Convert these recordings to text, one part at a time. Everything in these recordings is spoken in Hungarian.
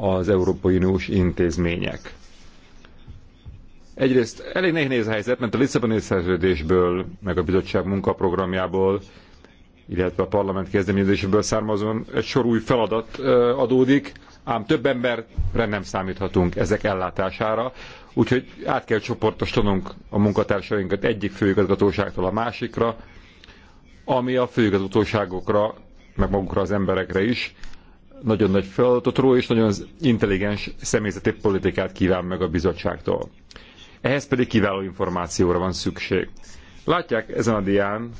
az Európai Uniós intézmények. Egyrészt elég nehéz a helyzet, mert a Lisszaboni szerződésből, meg a bizottság munkaprogramjából, illetve a parlament kezdeményezéséből származóan egy sor új feladat adódik, ám több emberre nem számíthatunk ezek ellátására, úgyhogy át kell csoportosítanunk a munkatársainkat egyik főigazgatóságtól a másikra, ami a főigazgatóságokra, meg magukra az emberekre is nagyon nagy feladatot ró, és nagyon intelligens személyzeti politikát kíván meg a bizottságtól. Ehhez pedig kiváló információra van szükség. Látják ezen a dián,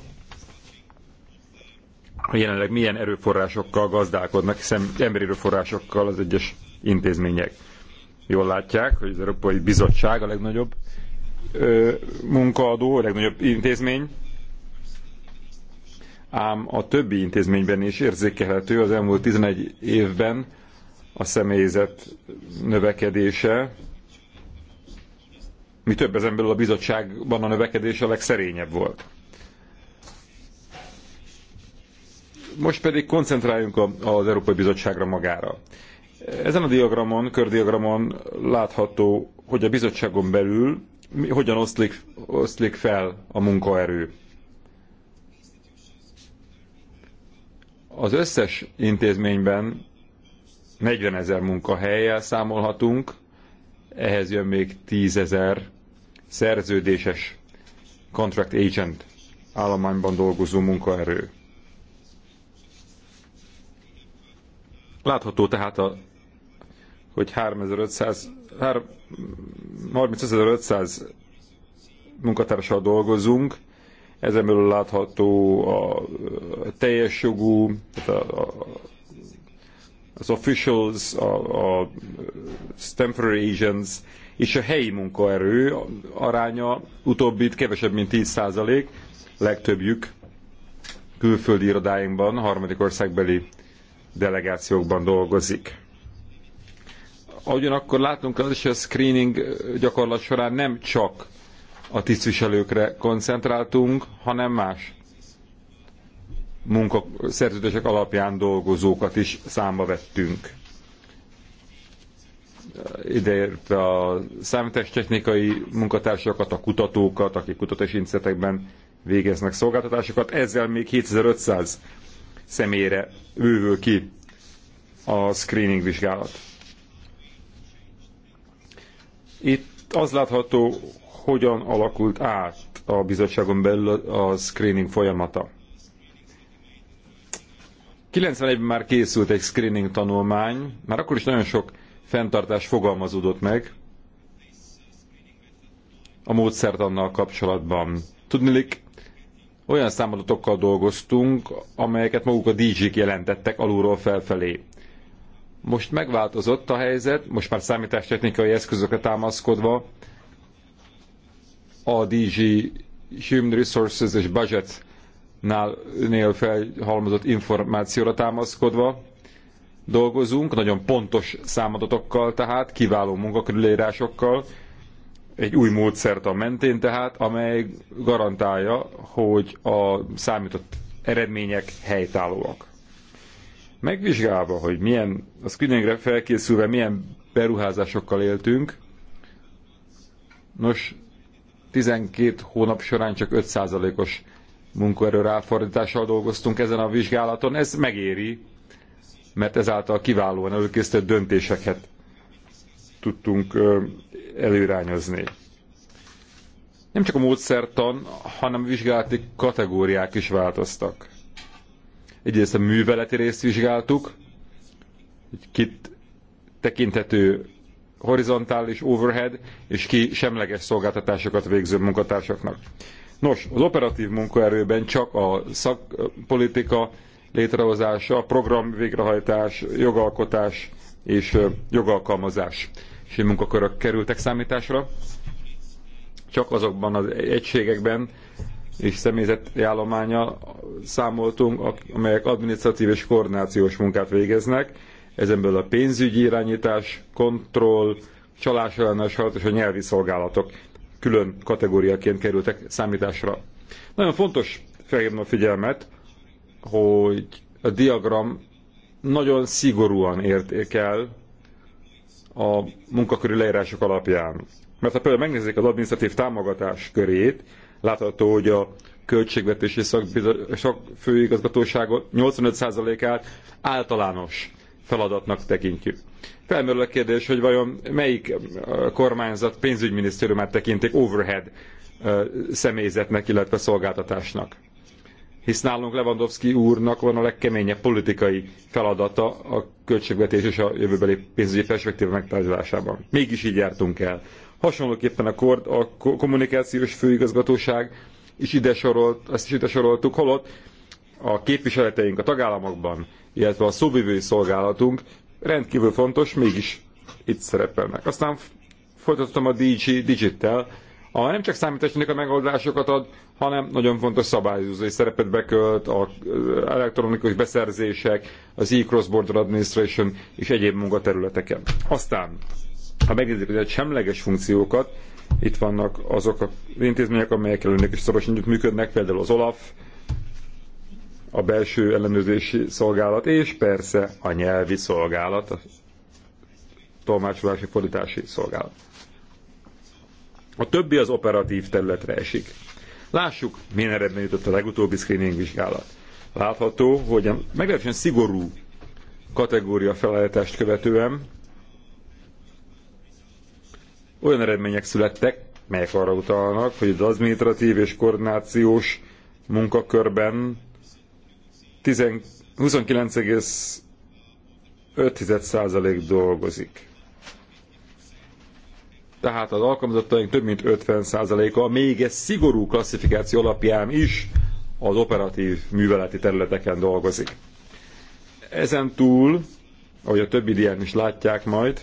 hogy jelenleg milyen erőforrásokkal gazdálkodnak, hiszen emberi erőforrásokkal az egyes intézmények. Jól látják, hogy az Európai Bizottság a legnagyobb ö, munkaadó, a legnagyobb intézmény, ám a többi intézményben is érzékelhető az elmúlt 11 évben a személyzet növekedése. Mi több ezen belül a bizottságban a növekedés a legszerényebb volt. Most pedig koncentráljunk az Európai Bizottságra magára. Ezen a diagramon, kördiagramon látható, hogy a bizottságon belül hogyan oszlik, oszlik fel a munkaerő Az összes intézményben 40 ezer munkahelyjel számolhatunk, ehhez jön még 10 ezer szerződéses contract agent állományban dolgozó munkaerő. Látható tehát, a, hogy 3500, 3, 35.500 munkatársal dolgozunk, ezen belül látható a teljes jogú, tehát a, a, az officials, a, a temporary agents és a helyi munkaerő aránya utóbbit kevesebb, mint 10 százalék, legtöbbjük külföldi irodáinkban, harmadik országbeli delegációkban dolgozik. Ugyanakkor látnunk kell, hogy a screening gyakorlat során nem csak a tisztviselőkre koncentráltunk, hanem más munkaszerződések alapján dolgozókat is számba vettünk. Ideértve a számítástechnikai munkatársakat, a kutatókat, akik kutatási intézetekben végeznek szolgáltatásokat, ezzel még 7500 személyre bővül ki a screening vizsgálat. Itt az látható, hogyan alakult át a bizottságon belül a screening folyamata. 91-ben már készült egy screening tanulmány, már akkor is nagyon sok fenntartás fogalmazódott meg a módszert annal kapcsolatban. Tudnilik, olyan számadatokkal dolgoztunk, amelyeket maguk a DJ-k jelentettek alulról felfelé. Most megváltozott a helyzet, most már számítástechnikai eszközökre támaszkodva a DG Human Resources és Budget nél felhalmozott információra támaszkodva dolgozunk, nagyon pontos számadatokkal tehát, kiváló munkakörülérásokkal, egy új módszert a mentén tehát, amely garantálja, hogy a számított eredmények helytállóak. Megvizsgálva, hogy milyen, a screeningre felkészülve milyen beruházásokkal éltünk, nos, 12 hónap során csak 5%-os munkaerő ráfordítással dolgoztunk ezen a vizsgálaton. Ez megéri, mert ezáltal kiválóan előkészített döntéseket tudtunk előirányozni. Nem csak a módszertan, hanem a vizsgálati kategóriák is változtak. Egyrészt a műveleti részt vizsgáltuk, hogy kit tekinthető horizontális overhead és ki semleges szolgáltatásokat végző munkatársaknak. Nos, az operatív munkaerőben csak a szakpolitika létrehozása, a program végrehajtás, jogalkotás és jogalkalmazás és munkakörök kerültek számításra. Csak azokban az egységekben és személyzeti állománya számoltunk, amelyek adminisztratív és koordinációs munkát végeznek, ezenből a pénzügyi irányítás, kontroll, csalás ellenes harc és a nyelvi szolgálatok külön kategóriaként kerültek számításra. Nagyon fontos felhívni a figyelmet, hogy a diagram nagyon szigorúan értékel a munkaköri leírások alapján. Mert ha például megnézzük az adminisztratív támogatás körét, látható, hogy a költségvetési szakfőigazgatóság 85%-át általános feladatnak tekintjük. Felmerül a kérdés, hogy vajon melyik kormányzat pénzügyminisztériumát tekintik overhead személyzetnek, illetve szolgáltatásnak. Hisz nálunk Lewandowski úrnak van a legkeményebb politikai feladata a költségvetés és a jövőbeli pénzügyi perspektíva megtárgyalásában. Mégis így jártunk el. Hasonlóképpen a, kord, a kommunikációs főigazgatóság is ide sorolt, azt is ide soroltuk, holott a képviseleteink a tagállamokban, illetve a szóvivői szolgálatunk rendkívül fontos, mégis itt szerepelnek. Aztán folytattam a DG Digital, a nem csak számítástechnika megoldásokat ad, hanem nagyon fontos szabályozói szerepet bekölt, a elektronikus beszerzések, az e-cross border administration és egyéb munkaterületeken. Aztán, ha megnézzük a semleges funkciókat, itt vannak azok az intézmények, amelyek előnök is szorosan működnek, például az OLAF, a belső ellenőrzési szolgálat, és persze a nyelvi szolgálat, a tolmácsolási fordítási szolgálat. A többi az operatív területre esik. Lássuk, milyen eredmény jutott a legutóbbi screening vizsgálat. Látható, hogy a meglehetősen szigorú kategória felállítást követően olyan eredmények születtek, melyek arra utalnak, hogy az administratív és koordinációs munkakörben 29,5% dolgozik. Tehát az alkalmazottaink több mint 50%-a még egy szigorú klasszifikáció alapján is az operatív műveleti területeken dolgozik. Ezen túl, ahogy a többi dián is látják majd,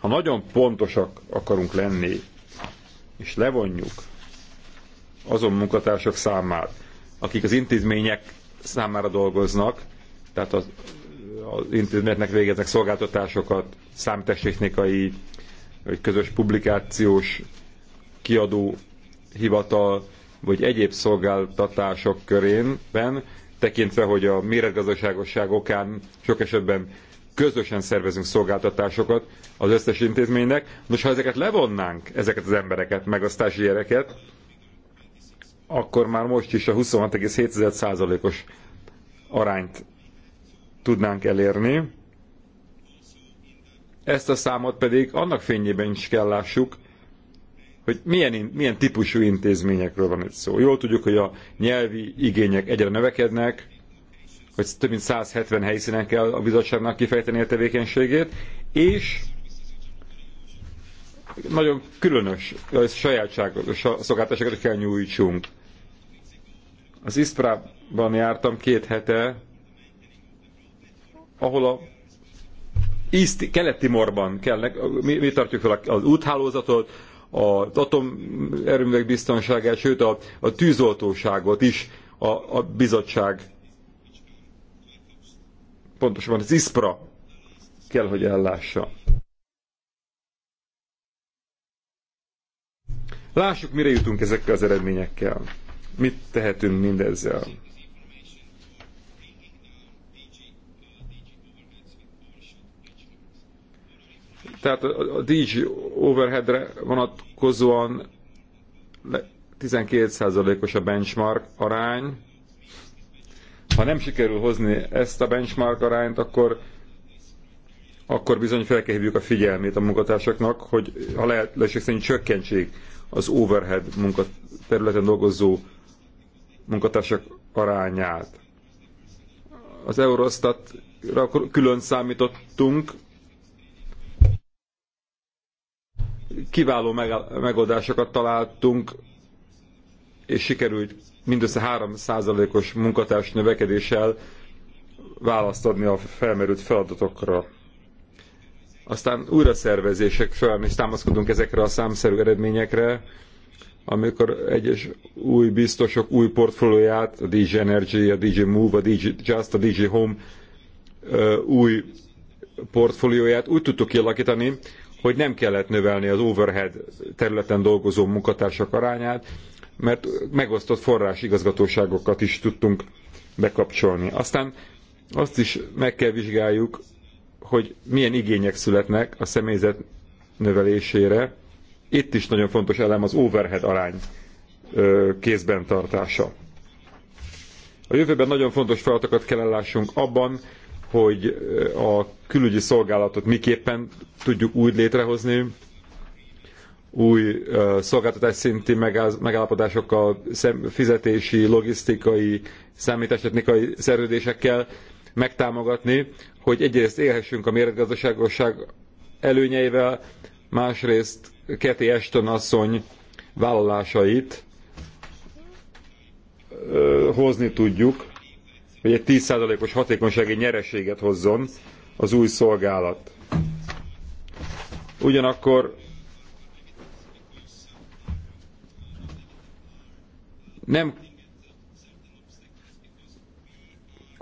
ha nagyon pontosak akarunk lenni, és levonjuk azon munkatársak számát, akik az intézmények számára dolgoznak, tehát az, az intézményeknek végeznek szolgáltatásokat, számítástechnikai, vagy közös publikációs kiadó hivatal, vagy egyéb szolgáltatások körénben, tekintve, hogy a méretgazdaságosság okán sok esetben közösen szervezünk szolgáltatásokat az összes intézménynek. Nos, ha ezeket levonnánk, ezeket az embereket, meg a gyereket, akkor már most is a 26,7%-os arányt tudnánk elérni. Ezt a számot pedig annak fényében is kell lássuk, hogy milyen, milyen típusú intézményekről van itt szó. Jól tudjuk, hogy a nyelvi igények egyre növekednek, hogy több mint 170 helyszínen kell a bizottságnak kifejteni a tevékenységét, és nagyon különös sajátságos szolgáltatásokat kell nyújtsunk. Az Isztrában jártam két hete, ahol a East, keleti morban kell, mi, mi tartjuk fel az úthálózatot, az atomerőművek biztonságát, sőt a, a tűzoltóságot is a, a bizottság, pontosabban az ISPRA kell, hogy ellássa. Lássuk, mire jutunk ezekkel az eredményekkel. Mit tehetünk mindezzel. Tehát a, a DG overheadre vonatkozóan 12%-os a benchmark arány. Ha nem sikerül hozni ezt a benchmark arányt, akkor akkor bizony fel kell hívjuk a figyelmét a munkatársaknak, hogy ha lehet lehetőség szerint csökkentsék az overhead munkaterületen dolgozó munkatársak arányát. Az Eurostatra külön számítottunk, kiváló megoldásokat találtunk, és sikerült mindössze 3%-os munkatárs növekedéssel választ adni a felmerült feladatokra. Aztán újra szervezések során is támaszkodunk ezekre a számszerű eredményekre, amikor egyes új biztosok új portfólióját, a DJ Energy, a DJ Move, a DJ Just, a DJ Home új portfólióját úgy tudtuk kialakítani, hogy nem kellett növelni az overhead területen dolgozó munkatársak arányát, mert megosztott forrás igazgatóságokat is tudtunk bekapcsolni. Aztán azt is meg kell vizsgáljuk, hogy milyen igények születnek a személyzet növelésére. Itt is nagyon fontos elem az overhead arány kézben tartása. A jövőben nagyon fontos feladatokat kell ellássunk abban, hogy a külügyi szolgálatot miképpen tudjuk úgy létrehozni, új szolgáltatás szinti megállapodásokkal, fizetési, logisztikai, számítástechnikai szerződésekkel, megtámogatni, hogy egyrészt élhessünk a méretgazdaságosság előnyeivel, másrészt Keti Eston asszony vállalásait ö, hozni tudjuk, hogy egy 10%-os hatékonysági nyereséget hozzon az új szolgálat. Ugyanakkor nem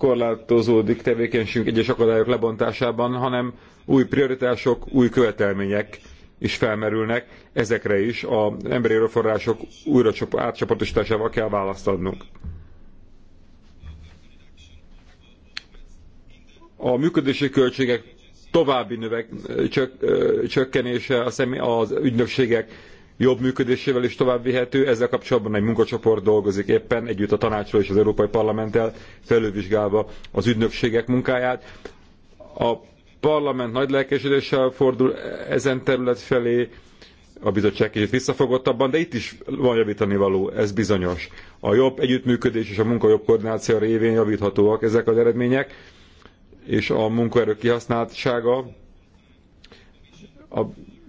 korlátozódik tevékenységünk egyes akadályok lebontásában, hanem új prioritások, új követelmények is felmerülnek, ezekre is az emberi erőforrások újra átcsapatosításával kell választ adnunk. A működési költségek további növek, csök, csökkenése a személy, az ügynökségek jobb működésével is tovább vihető. Ezzel kapcsolatban egy munkacsoport dolgozik éppen együtt a tanácsról és az Európai Parlamenttel felülvizsgálva az ügynökségek munkáját. A parlament nagy lelkesedéssel fordul ezen terület felé, a bizottság kicsit visszafogottabban, de itt is van javítani való, ez bizonyos. A jobb együttműködés és a munka jobb koordináció révén javíthatóak ezek az eredmények, és a munkaerő kihasználtsága a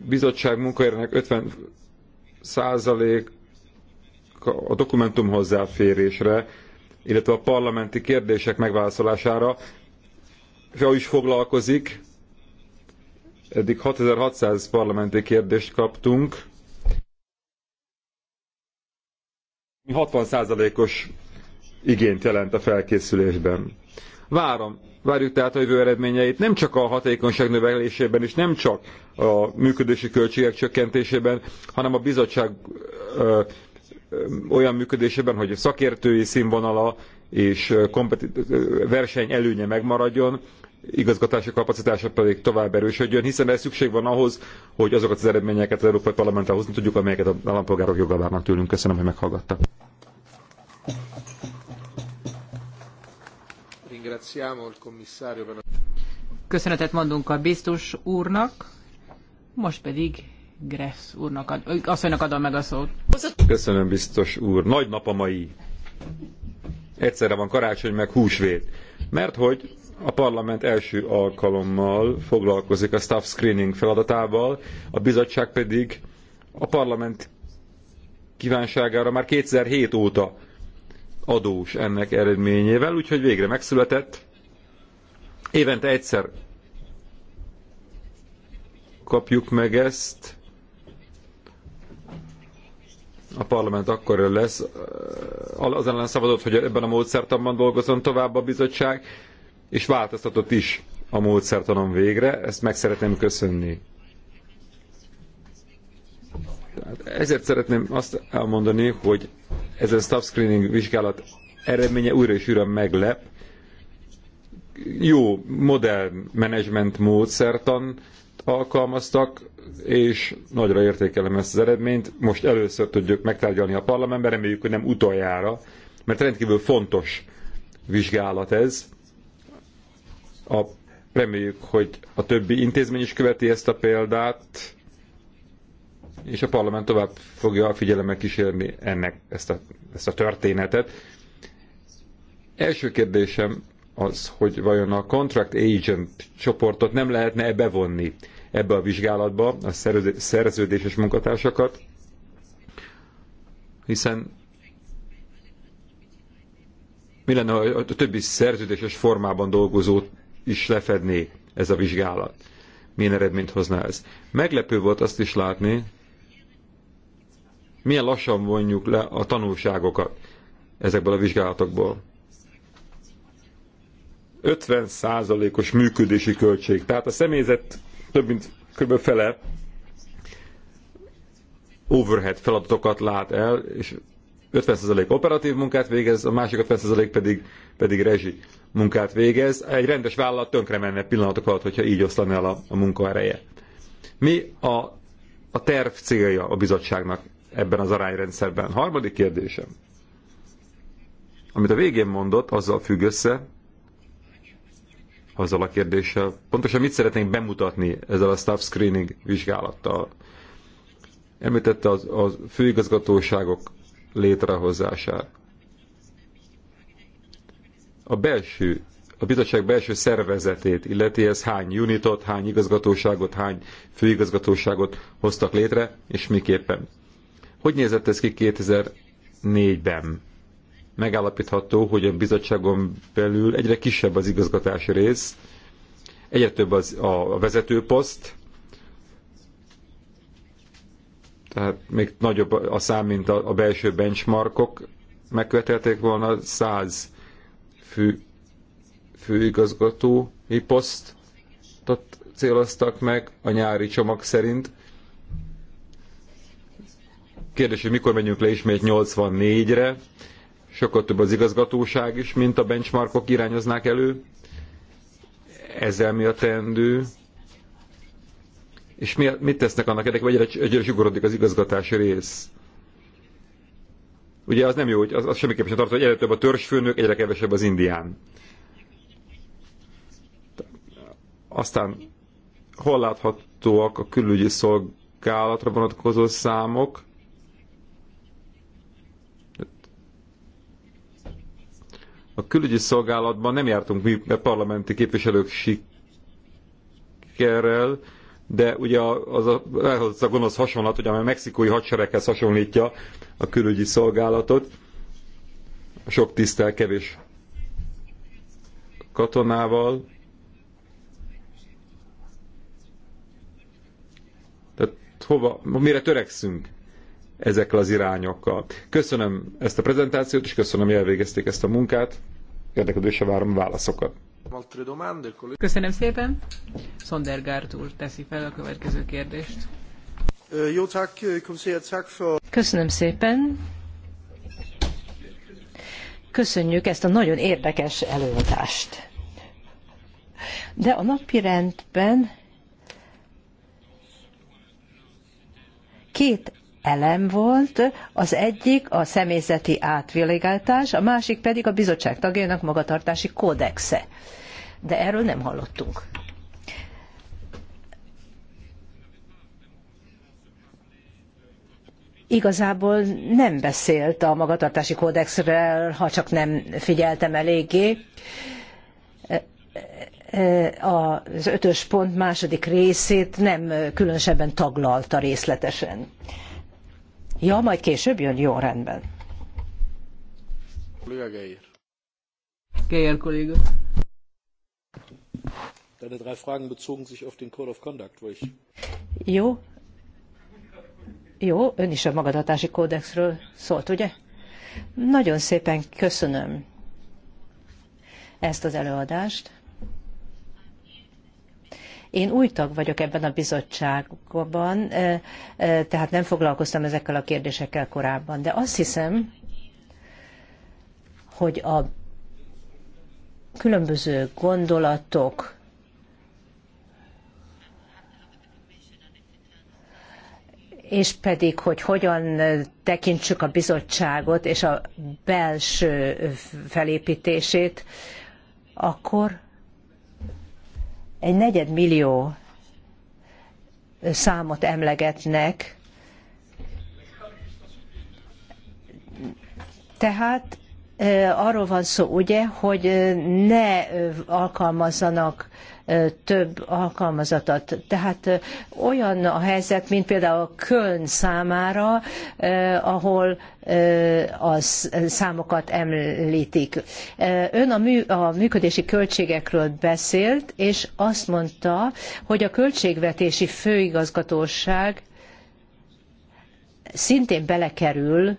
bizottság munkaerőnek 50 százalék a dokumentum hozzáférésre, illetve a parlamenti kérdések megválaszolására fel is foglalkozik. Eddig 6600 parlamenti kérdést kaptunk. 60%-os igényt jelent a felkészülésben. Várom, várjuk tehát a jövő eredményeit nem csak a hatékonyság növelésében és nem csak a működési költségek csökkentésében, hanem a bizottság ö, ö, olyan működésében, hogy a szakértői színvonala és verseny előnye megmaradjon, igazgatási kapacitása pedig tovább erősödjön, hiszen ez szükség van ahhoz, hogy azokat az eredményeket az Európai Parlamenttel hozni tudjuk, amelyeket az állampolgárok joga tőlünk. Köszönöm, hogy meghallgattak. Köszönetet mondunk a biztos úrnak, most pedig Gressz úrnak, ad, asszonynak adom meg a szót. Köszönöm biztos úr, nagy nap a mai. Egyszerre van karácsony meg húsvét. Mert hogy a parlament első alkalommal foglalkozik a staff screening feladatával, a bizottság pedig a parlament kívánságára már 2007 óta adós ennek eredményével, úgyhogy végre megszületett. Évente egyszer kapjuk meg ezt. A parlament akkor lesz. Eh, az ellen szabadott, hogy ebben a módszertanban dolgozzon tovább a bizottság, és változtatott is a módszertanon végre. Ezt meg szeretném köszönni. Hát ezért szeretném azt elmondani, hogy ezen staff screening vizsgálat eredménye újra és újra meglep. Jó modern menedzsment módszertan alkalmaztak, és nagyra értékelem ezt az eredményt. Most először tudjuk megtárgyalni a parlamentben, reméljük, hogy nem utoljára, mert rendkívül fontos vizsgálat ez. A, reméljük, hogy a többi intézmény is követi ezt a példát, és a parlament tovább fogja figyelemmel kísérni ennek ezt a, ezt a történetet. Első kérdésem az, hogy vajon a contract agent csoportot nem lehetne -e bevonni ebbe a vizsgálatba a szerződéses munkatársakat, hiszen mi lenne, ha a többi szerződéses formában dolgozót is lefedné ez a vizsgálat? Milyen eredményt hozna ez? Meglepő volt azt is látni, milyen lassan vonjuk le a tanulságokat ezekből a vizsgálatokból. 50%-os működési költség. Tehát a személyzet több mint kb. fele overhead feladatokat lát el, és 50% operatív munkát végez, a másik 50% pedig, pedig rezsi munkát végez. Egy rendes vállalat tönkre menne pillanatok alatt, hogyha így oszlana el a, a munkaereje. Mi a, a terv célja a bizottságnak ebben az arányrendszerben. Harmadik kérdésem. Amit a végén mondott, azzal függ össze, azzal a kérdéssel. Pontosan mit szeretnénk bemutatni ezzel a staff screening vizsgálattal? Említette az, az főigazgatóságok létrehozását. A belső, a bizottság belső szervezetét illeti ez hány unitot, hány igazgatóságot, hány főigazgatóságot hoztak létre, és miképpen hogy nézett ez ki 2004-ben? Megállapítható, hogy a bizottságon belül egyre kisebb az igazgatási rész, egyre több az, a, vezetőposzt, tehát még nagyobb a szám, mint a, a belső benchmarkok. Megkövetelték volna 100 fő, főigazgatói posztot céloztak meg a nyári csomag szerint. Kérdés, hogy mikor menjünk le ismét 84-re, sokkal több az igazgatóság is, mint a benchmarkok irányoznák elő. Ezzel mi a teendő? És mi, mit tesznek annak érdekében, hogy egyre, egyre sugorodik az igazgatási rész? Ugye az nem jó, hogy az, az semmiképpen sem tartó, hogy egyre több a törzsfőnök, egyre kevesebb az indián. Aztán hol láthatóak a külügyi szolgálatra vonatkozó számok? A külügyi szolgálatban nem jártunk mi parlamenti képviselők sikerrel, de ugye az a, az a gonosz hasonlat, hogy a mexikói hadsereghez hasonlítja a külügyi szolgálatot. Sok tisztel, kevés katonával. Tehát hova, mire törekszünk? ezekkel az irányokkal. Köszönöm ezt a prezentációt, és köszönöm, hogy elvégezték ezt a munkát. Érdeklődésre várom válaszokat. Köszönöm szépen. Sondergaard úr teszi fel a következő kérdést. Köszönöm szépen. Köszönjük ezt a nagyon érdekes előadást. De a napi rendben két elem volt, az egyik a személyzeti átvilágítás, a másik pedig a bizottság tagjainak magatartási kódexe. De erről nem hallottunk. Igazából nem beszélt a magatartási kódexről, ha csak nem figyeltem eléggé az ötös pont második részét nem különösebben taglalta részletesen. Ja, majd később jön, jó, rendben. Kolléga Geyer. Geyer kolléga. Deine drei Fragen bezogen sich auf den Code of Conduct, wo ich... Jó. Jó, ön is a magatartási kódexről szólt, ugye? Nagyon szépen köszönöm ezt az előadást. Én új tag vagyok ebben a bizottságban, tehát nem foglalkoztam ezekkel a kérdésekkel korábban, de azt hiszem, hogy a különböző gondolatok, és pedig, hogy hogyan tekintsük a bizottságot és a belső felépítését, akkor egy negyedmillió számot emlegetnek. Tehát eh, arról van szó, ugye, hogy eh, ne eh, alkalmazzanak több alkalmazatot. Tehát olyan a helyzet, mint például Köln számára, ahol a számokat említik. Ön a, mű, a működési költségekről beszélt, és azt mondta, hogy a költségvetési főigazgatóság szintén belekerül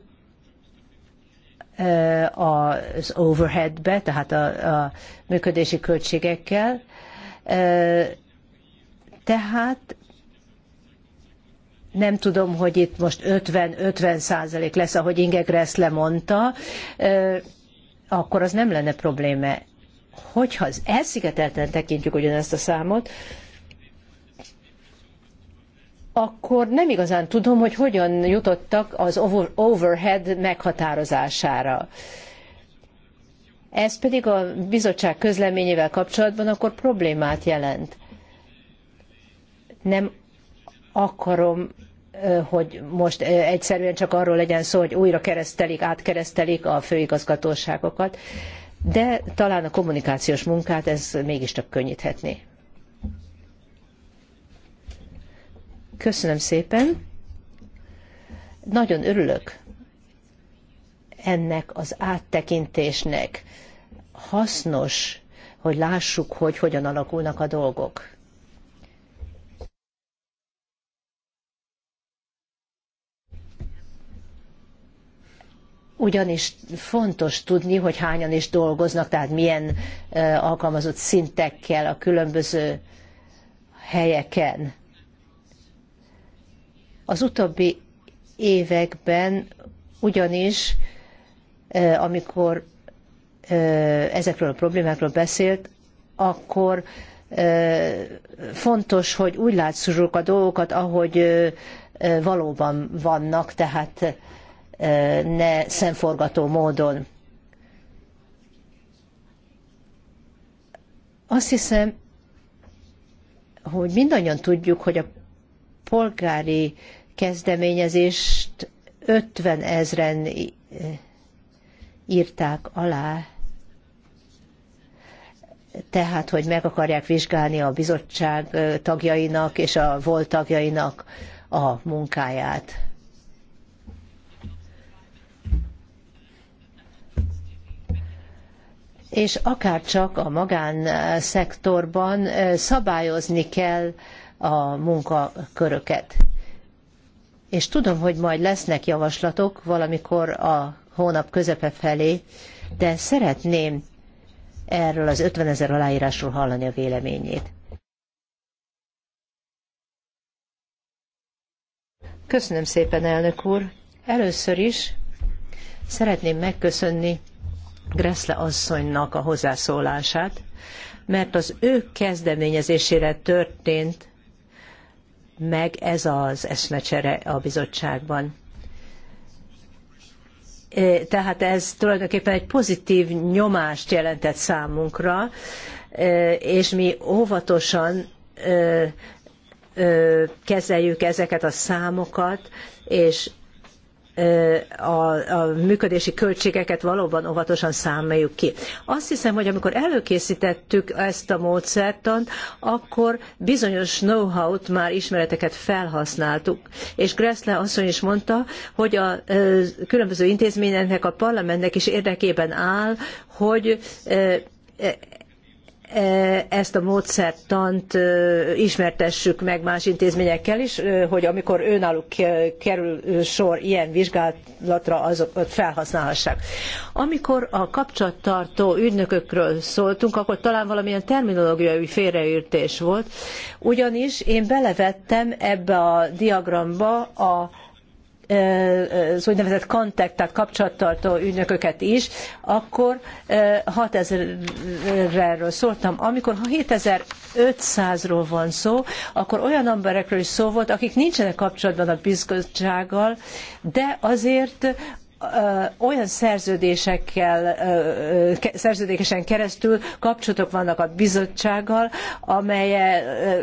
az overheadbe, tehát a, a működési költségekkel, tehát nem tudom, hogy itt most 50-50 százalék lesz, ahogy Inge Gressle mondta, akkor az nem lenne probléma. Hogyha elszigetelten tekintjük ugyanezt a számot, akkor nem igazán tudom, hogy hogyan jutottak az overhead meghatározására. Ez pedig a bizottság közleményével kapcsolatban akkor problémát jelent. Nem akarom, hogy most egyszerűen csak arról legyen szó, hogy újra keresztelik, átkeresztelik a főigazgatóságokat, de talán a kommunikációs munkát ez mégiscsak könnyíthetné. Köszönöm szépen. Nagyon örülök ennek az áttekintésnek hasznos, hogy lássuk, hogy hogyan alakulnak a dolgok. ugyanis fontos tudni, hogy hányan is dolgoznak, tehát milyen alkalmazott szintekkel a különböző helyeken. Az utóbbi években ugyanis, amikor ezekről a problémákról beszélt, akkor fontos, hogy úgy látszuk a dolgokat, ahogy valóban vannak, tehát ne szemforgató módon. Azt hiszem, hogy mindannyian tudjuk, hogy a polgári kezdeményezést 50 ezren írták alá tehát, hogy meg akarják vizsgálni a bizottság tagjainak és a volt tagjainak a munkáját. És akárcsak a magánszektorban szabályozni kell a munkaköröket. És tudom, hogy majd lesznek javaslatok valamikor a hónap közepe felé, de szeretném erről az 50 ezer aláírásról hallani a véleményét. Köszönöm szépen, elnök úr. Először is szeretném megköszönni Gressle asszonynak a hozzászólását, mert az ő kezdeményezésére történt meg ez az eszmecsere a bizottságban. Eh, tehát ez tulajdonképpen egy pozitív nyomást jelentett számunkra, eh, és mi óvatosan eh, kezeljük ezeket a számokat, és a, a működési költségeket valóban óvatosan számoljuk ki. Azt hiszem, hogy amikor előkészítettük ezt a módszertant, akkor bizonyos know-how-t már ismereteket felhasználtuk. És Gressle asszony is mondta, hogy a különböző intézményeknek, a parlamentnek is érdekében áll, hogy E, ezt a módszertant e, ismertessük meg más intézményekkel is, e, hogy amikor őnáluk kerül sor ilyen vizsgálatra, azokat felhasználhassák. Amikor a kapcsolattartó ügynökökről szóltunk, akkor talán valamilyen terminológiai félreértés volt, ugyanis én belevettem ebbe a diagramba a az úgynevezett kontakt, tehát kapcsolattartó ügynököket is, akkor 6000-ről szóltam. Amikor 7500-ról van szó, akkor olyan emberekről is szó volt, akik nincsenek kapcsolatban a bizottsággal, de azért olyan szerződésekkel, szerződéseken keresztül kapcsolatok vannak a bizottsággal, amely,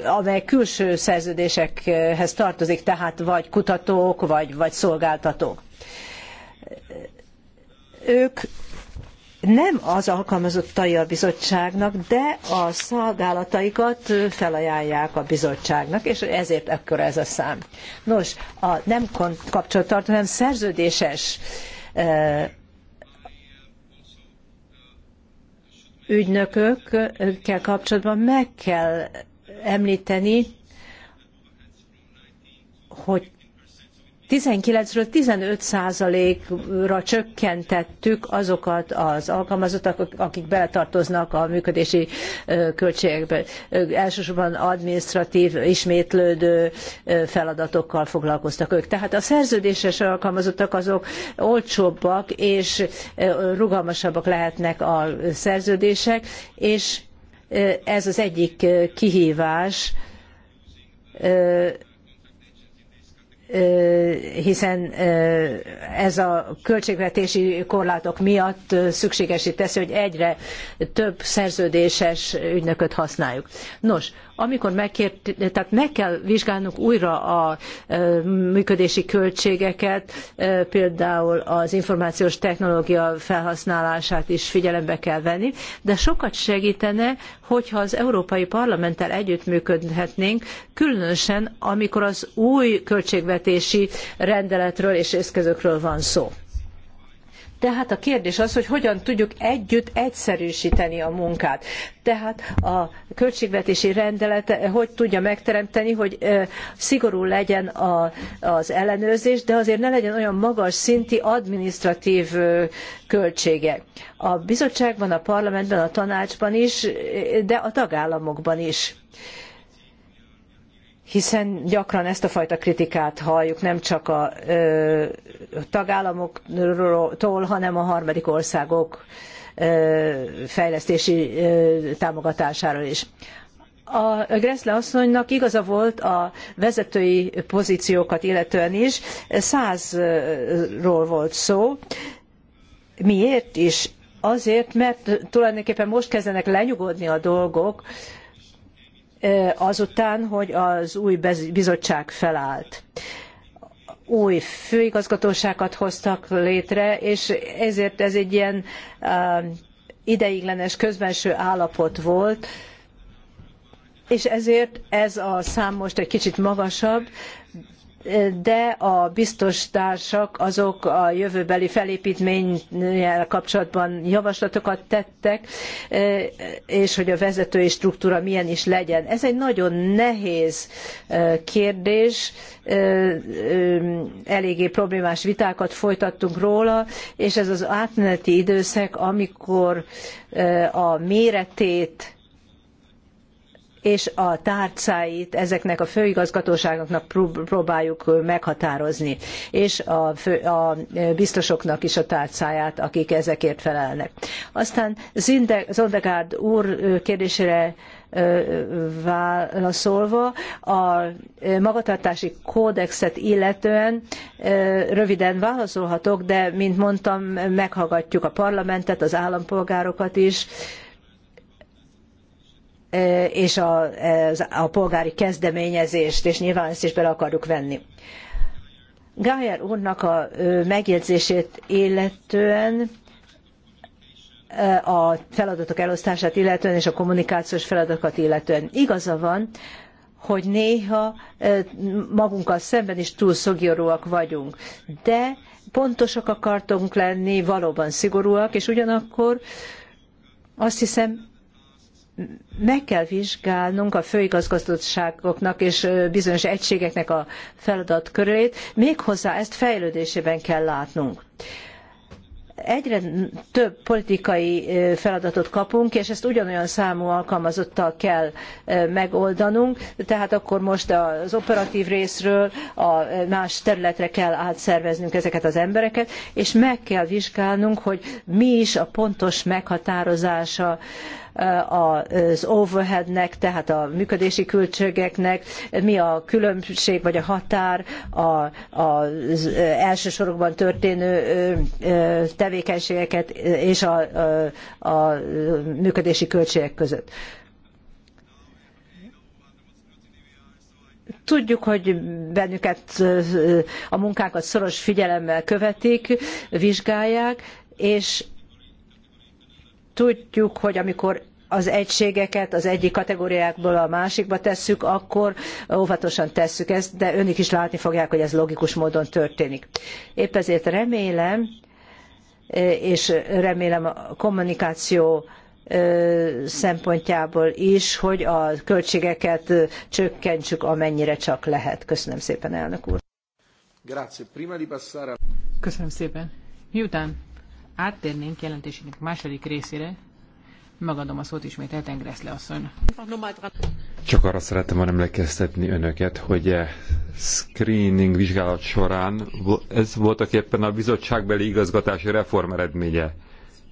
amely külső szerződésekhez tartozik, tehát vagy kutatók, vagy, vagy szolgáltatók. Ők nem az alkalmazottai a bizottságnak, de a szolgálataikat felajánlják a bizottságnak, és ezért ekkora ez a szám. Nos, a nem kapcsolattartó, hanem szerződéses uh, ügynökökkel kapcsolatban meg kell említeni, hogy 19-ről 15%-ra csökkentettük azokat az alkalmazottak, akik beletartoznak a működési költségekbe. Elsősorban administratív, ismétlődő feladatokkal foglalkoztak ők. Tehát a szerződéses alkalmazottak azok olcsóbbak és rugalmasabbak lehetnek a szerződések, és ez az egyik kihívás hiszen ez a költségvetési korlátok miatt szükségesé teszi, hogy egyre több szerződéses ügynököt használjuk. Nos, amikor megkért, tehát meg kell vizsgálnunk újra a működési költségeket, például az információs technológia felhasználását is figyelembe kell venni, de sokat segítene, hogyha az Európai Parlamenttel együttműködhetnénk, különösen amikor az új költségvetési rendeletről és eszközökről van szó. Tehát a kérdés az, hogy hogyan tudjuk együtt egyszerűsíteni a munkát. Tehát a költségvetési rendelet eh, hogy tudja megteremteni, hogy eh, szigorú legyen a, az ellenőrzés, de azért ne legyen olyan magas szinti administratív költsége. A bizottságban, a parlamentben, a tanácsban is, eh, de a tagállamokban is hiszen gyakran ezt a fajta kritikát halljuk nem csak a ö, tagállamoktól, hanem a harmadik országok ö, fejlesztési ö, támogatásáról is. A Gressle asszonynak igaza volt a vezetői pozíciókat illetően is, százról volt szó. Miért is? Azért, mert tulajdonképpen most kezdenek lenyugodni a dolgok, ö, Eh, azután, hogy az új bizottság felállt új főigazgatóságot hoztak létre, és ezért ez egy ilyen eh, ideiglenes közbenső állapot volt, és ezért ez a szám most egy kicsit magasabb, de a biztostársak azok a jövőbeli felépítménnyel kapcsolatban javaslatokat tettek, eh, és hogy a vezetői struktúra milyen is legyen. Ez egy nagyon nehéz eh, kérdés, eh, eléggé problémás vitákat folytattunk róla, és ez az átmeneti időszak, amikor a méretét és a tárcáit ezeknek a főigazgatóságoknak próbáljuk meghatározni, és a, fő, a biztosoknak is a tárcáját, akik ezekért felelnek. Aztán Zinde, Zondegárd úr kérdésére válaszolva, a magatartási kódexet illetően röviden válaszolhatok, de mint mondtam, meghallgatjuk a parlamentet, az állampolgárokat is, és a, a polgári kezdeményezést, és nyilván ezt is bele akarjuk venni. Gájer úrnak a megjegyzését illetően a feladatok elosztását illetően és a kommunikációs feladatokat illetően. Igaza van, hogy néha magunkkal szemben is túl szigorúak vagyunk, de pontosak akartunk lenni, valóban szigorúak, és ugyanakkor azt hiszem meg kell vizsgálnunk a főigazgatóságoknak és bizonyos egységeknek a feladatkörét, méghozzá ezt fejlődésében kell látnunk. Egyre több politikai feladatot kapunk, és ezt ugyanolyan számú alkalmazottal kell megoldanunk, tehát akkor most az operatív részről a más területre kell átszerveznünk ezeket az embereket, és meg kell vizsgálnunk, hogy mi is a pontos meghatározása az overheadnek, tehát a működési költségeknek, mi a különbség vagy a határ az első sorokban történő tevékenységeket és a, a, a működési költségek között. Tudjuk, hogy bennünket a munkákat szoros figyelemmel követik, vizsgálják, és Tudjuk, hogy amikor az egységeket az egyik kategóriákból a másikba tesszük, akkor óvatosan tesszük ezt, de önök is látni fogják, hogy ez logikus módon történik. Épp ezért remélem, és remélem a kommunikáció szempontjából is, hogy a költségeket csökkentsük amennyire csak lehet. Köszönöm szépen, elnök úr. Köszönöm szépen. Miután áttérnénk jelentésének második részére. Megadom a szót ismételten Greszle asszony. Csak arra szerettem volna emlékeztetni önöket, hogy a e screening vizsgálat során ez voltak éppen a bizottságbeli igazgatási reform eredménye,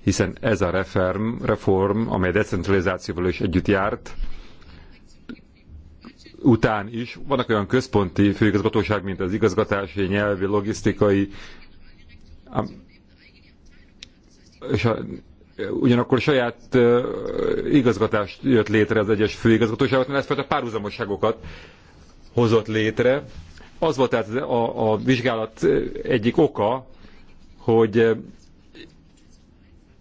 hiszen ez a reform, reform amely decentralizációval is együtt járt, után is vannak olyan központi főigazgatóság, mint az igazgatási, nyelvi, logisztikai, és a, ugyanakkor saját uh, igazgatást jött létre az egyes főigazgatóságoknál, ezfajta párhuzamosságokat hozott létre. Az volt tehát a, a vizsgálat egyik oka, hogy uh,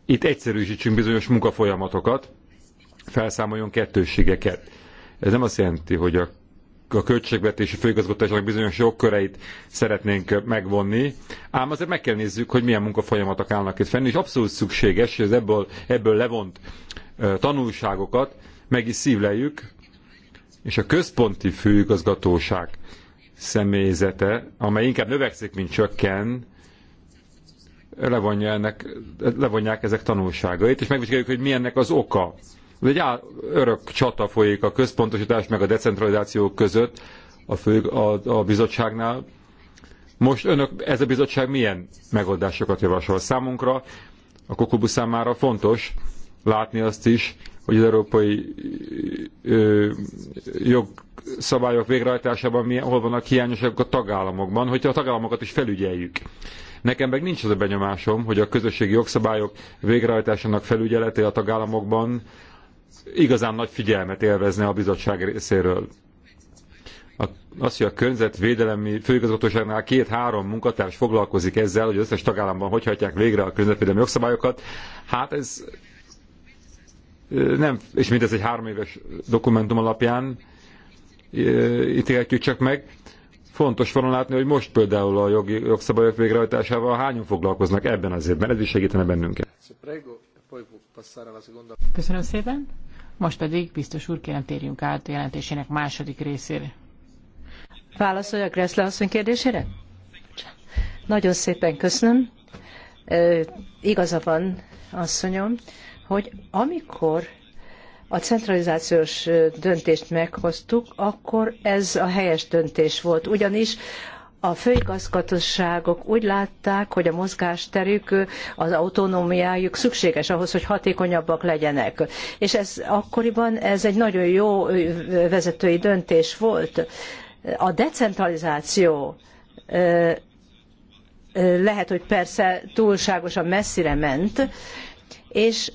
itt egyszerűsítsünk bizonyos munkafolyamatokat, felszámoljon kettősségeket. Ez nem azt jelenti, hogy a a költségvetési főigazgatásának bizonyos jogköreit szeretnénk megvonni, ám azért meg kell nézzük, hogy milyen munkafolyamatok állnak itt fenn, és abszolút szükséges, hogy az ebből, ebből levont tanulságokat meg is szívleljük, és a központi főigazgatóság személyzete, amely inkább növekszik, mint csökken, levonja ennek, levonják ezek tanulságait, és megvizsgáljuk, hogy milyennek az oka. Ez egy örök csata folyik a központosítás meg a decentralizáció között a, fő, a, a bizottságnál. Most önök, ez a bizottság milyen megoldásokat javasol számunkra? A Kokobu számára fontos látni azt is, hogy az európai ö, jogszabályok végrehajtásában milyen, hol vannak hiányosak a tagállamokban, hogyha a tagállamokat is felügyeljük. Nekem meg nincs az a benyomásom, hogy a közösségi jogszabályok végrehajtásának felügyelete a tagállamokban igazán nagy figyelmet élvezne a bizottság részéről. A, az, hogy a környezetvédelmi főigazgatóságnál két-három munkatárs foglalkozik ezzel, hogy az összes tagállamban hogy hagyják végre a környezetvédelmi jogszabályokat, hát ez nem, és mindez egy három éves dokumentum alapján ítélhetjük csak meg. Fontos volna látni, hogy most például a jogi, jogszabályok végrehajtásával hányan foglalkoznak ebben az évben. Ez is segítene bennünket. Köszönöm szépen. Most pedig biztos úr kérem térjünk át a jelentésének második részére. Válaszoljak Reszle asszony kérdésére? Nagyon szépen köszönöm. E, igaza van, asszonyom, hogy amikor a centralizációs döntést meghoztuk, akkor ez a helyes döntés volt. Ugyanis a főigazgatóságok úgy látták, hogy a mozgásterük, az autonómiájuk szükséges ahhoz, hogy hatékonyabbak legyenek. És ez akkoriban ez egy nagyon jó vezetői döntés volt. A decentralizáció lehet, hogy persze túlságosan messzire ment, és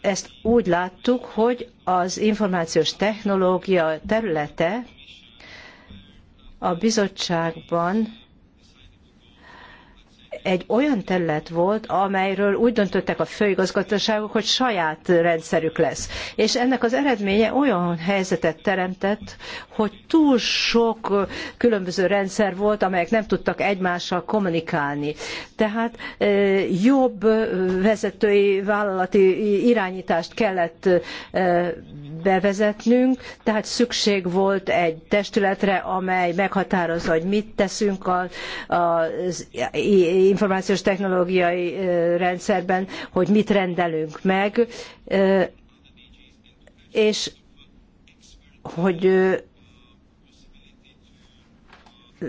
ezt úgy láttuk, hogy az információs technológia területe a bizottságban egy olyan terület volt, amelyről úgy döntöttek a főigazgatóságok, hogy saját rendszerük lesz. És ennek az eredménye olyan helyzetet teremtett, hogy túl sok különböző rendszer volt, amelyek nem tudtak egymással kommunikálni. Tehát jobb vezetői vállalati irányítást kellett bevezetnünk, tehát szükség volt egy testületre, amely meghatározza, hogy mit teszünk az információs technológiai rendszerben, hogy mit rendelünk meg, és hogy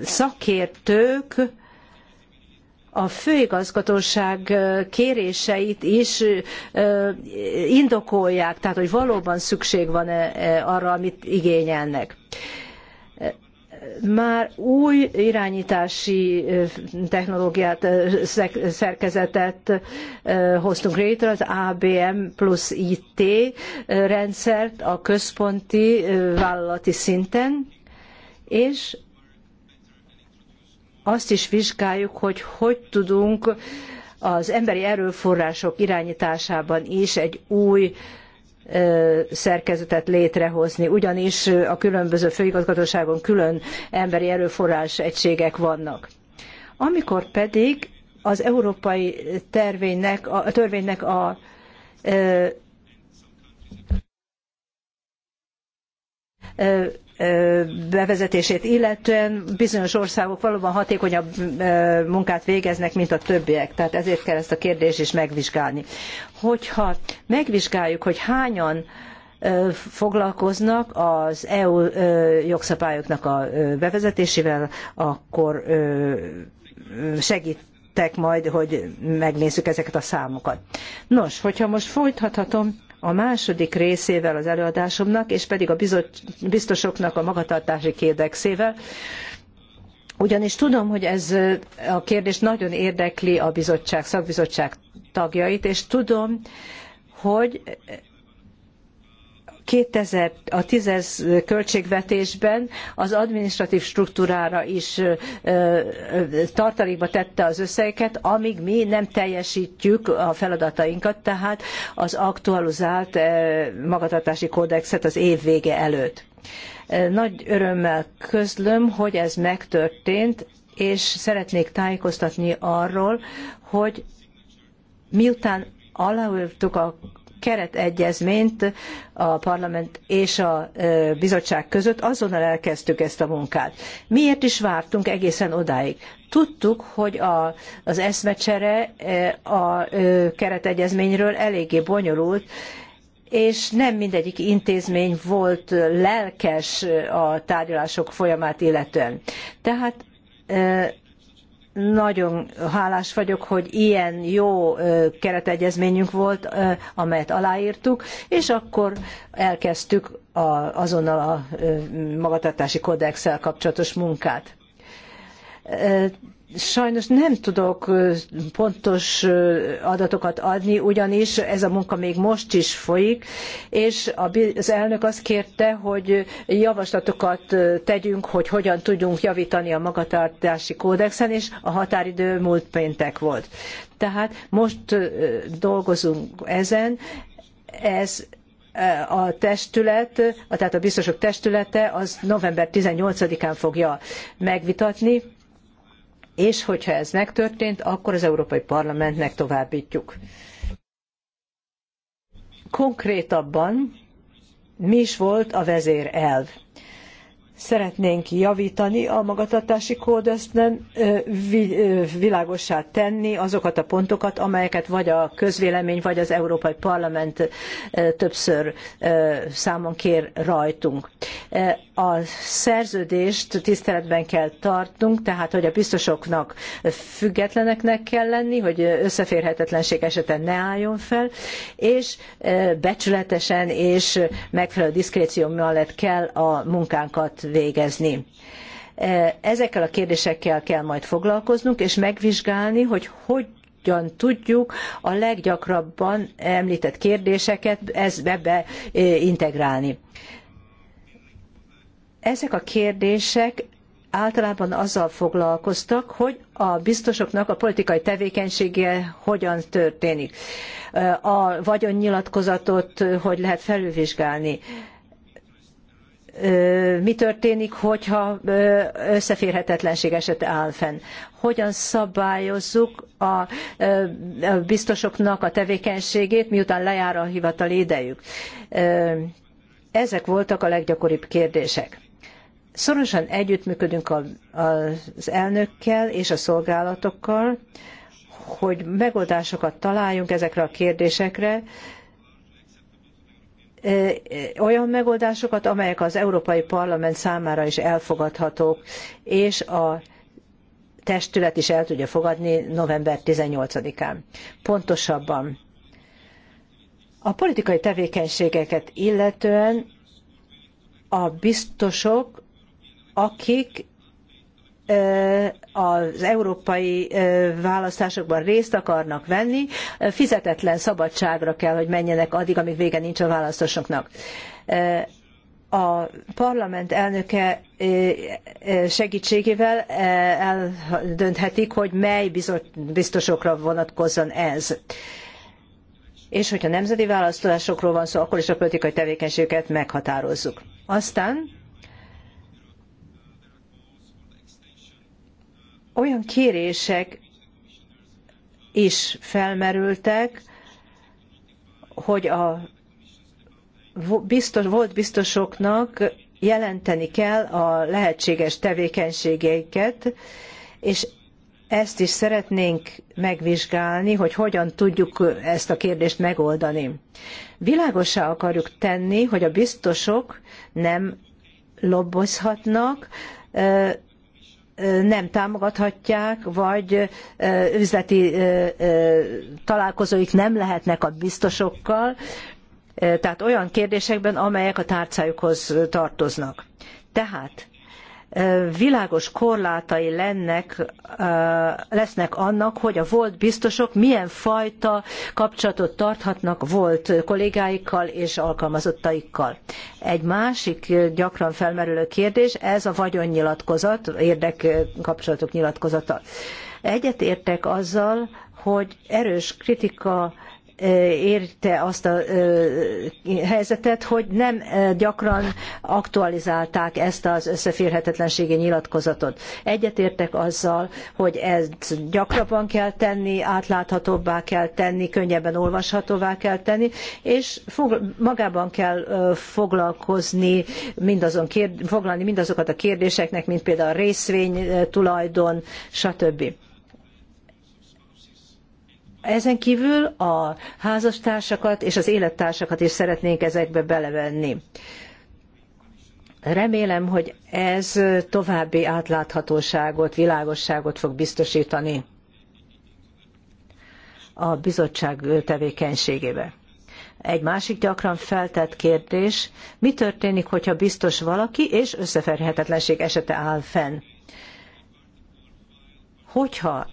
szakértők, a főigazgatóság kéréseit is indokolják, tehát hogy valóban szükség van -e arra, amit igényelnek. Már új irányítási technológiát, szerkezetet hoztunk létre, az ABM plusz IT rendszert a központi vállalati szinten, és azt is vizsgáljuk, hogy hogy tudunk az emberi erőforrások irányításában is egy új szerkezetet létrehozni, ugyanis a különböző főigazgatóságon külön emberi erőforrás egységek vannak. Amikor pedig az európai tervénynek, a, törvénynek a bevezetését illetően bizonyos országok valóban hatékonyabb munkát végeznek, mint a többiek. Tehát ezért kell ezt a kérdést is megvizsgálni. Hogyha megvizsgáljuk, hogy hányan foglalkoznak az EU jogszabályoknak a bevezetésével, akkor segítek majd, hogy megnézzük ezeket a számokat. Nos, hogyha most folytathatom, a második részével az előadásomnak, és pedig a biztosoknak a magatartási kérdexével, ugyanis tudom, hogy ez a kérdés nagyon érdekli a bizottság, szakbizottság tagjait, és tudom, hogy 2000, a 10 költségvetésben az administratív struktúrára is tartalékba tette az összegeket, amíg mi nem teljesítjük a feladatainkat, tehát az aktualizált magatartási kódexet az év vége előtt. Nagy örömmel közlöm, hogy ez megtörtént, és szeretnék tájékoztatni arról, hogy miután aláírtuk a keretegyezményt a parlament és a bizottság között, azonnal elkezdtük ezt a munkát. Miért is vártunk egészen odáig? Tudtuk, hogy a, az eszmecsere a keretegyezményről eléggé bonyolult, és nem mindegyik intézmény volt lelkes a tárgyalások folyamát illetően. Tehát nagyon hálás vagyok, hogy ilyen jó keretegyezményünk volt, amelyet aláírtuk, és akkor elkezdtük a, azonnal a magatartási kódexsel kapcsolatos munkát. Sajnos nem tudok pontos adatokat adni, ugyanis ez a munka még most is folyik, és az elnök azt kérte, hogy javaslatokat tegyünk, hogy hogyan tudjunk javítani a magatartási kódexen, és a határidő múlt péntek volt. Tehát most dolgozunk ezen, ez a testület, tehát a biztosok testülete az november 18-án fogja megvitatni, és hogyha ez megtörtént, akkor az Európai Parlamentnek továbbítjuk. Konkrétabban mi is volt a vezérelv? szeretnénk javítani a magatartási kódexben, világossá tenni azokat a pontokat, amelyeket vagy a közvélemény, vagy az Európai Parlament többször számon kér rajtunk. A szerződést tiszteletben kell tartunk, tehát hogy a biztosoknak függetleneknek kell lenni, hogy összeférhetetlenség esetén ne álljon fel, és becsületesen és megfelelő diszkréció mellett kell a munkánkat végezni. E, ezekkel a kérdésekkel kell majd foglalkoznunk, és megvizsgálni, hogy hogy hogyan tudjuk a leggyakrabban említett kérdéseket ezbe beintegrálni. integrálni. Ezek a kérdések általában azzal foglalkoztak, hogy a biztosoknak a politikai tevékenysége hogyan történik. E, a vagyonnyilatkozatot hogy lehet felülvizsgálni mi történik, hogyha összeférhetetlenség esete áll fenn. Hogyan szabályozzuk a biztosoknak a tevékenységét, miután lejár a hivatali idejük. Ezek voltak a leggyakoribb kérdések. Szorosan együttműködünk az elnökkel és a szolgálatokkal, hogy megoldásokat találjunk ezekre a kérdésekre, olyan megoldásokat, amelyek az Európai Parlament számára is elfogadhatók, és a testület is el tudja fogadni november 18-án. Pontosabban a politikai tevékenységeket illetően a biztosok, akik az európai választásokban részt akarnak venni, fizetetlen szabadságra kell, hogy menjenek addig, amíg vége nincs a választásoknak a parlament elnöke segítségével eldönthetik, hogy mely biztosokra vonatkozzon ez. És hogyha nemzeti választásokról van szó, akkor is a politikai tevékenységet meghatározzuk. Aztán olyan kérések is felmerültek, hogy a biztos, volt biztosoknak jelenteni kell a lehetséges tevékenységeiket, és ezt is szeretnénk megvizsgálni, hogy hogyan tudjuk ezt a kérdést megoldani. Világosá akarjuk tenni, hogy a biztosok nem lobbozhatnak, nem támogathatják, vagy üzleti találkozóik nem lehetnek a biztosokkal, tehát olyan kérdésekben, amelyek a tárcájukhoz tartoznak. Tehát világos korlátai lennek, lesznek annak, hogy a volt biztosok milyen fajta kapcsolatot tarthatnak volt kollégáikkal és alkalmazottaikkal. Egy másik gyakran felmerülő kérdés, ez a vagyonnyilatkozat, érdekkapcsolatok nyilatkozata. Egyetértek azzal, hogy erős kritika érte azt a helyzetet, hogy nem gyakran aktualizálták ezt az összeférhetetlenségi nyilatkozatot. Egyetértek azzal, hogy ezt gyakrabban kell tenni, átláthatóbbá kell tenni, könnyebben olvashatóvá kell tenni, és magában kell foglalkozni mindazon foglalni mindazokat a kérdéseknek, mint például a részvény, tulajdon, stb. Ezen kívül a házastársakat és az élettársakat is szeretnénk ezekbe belevenni. Remélem, hogy ez további átláthatóságot, világosságot fog biztosítani a bizottság tevékenységébe. Egy másik gyakran feltett kérdés, mi történik, hogyha biztos valaki és összeférhetetlenség esete áll fenn? Hogyha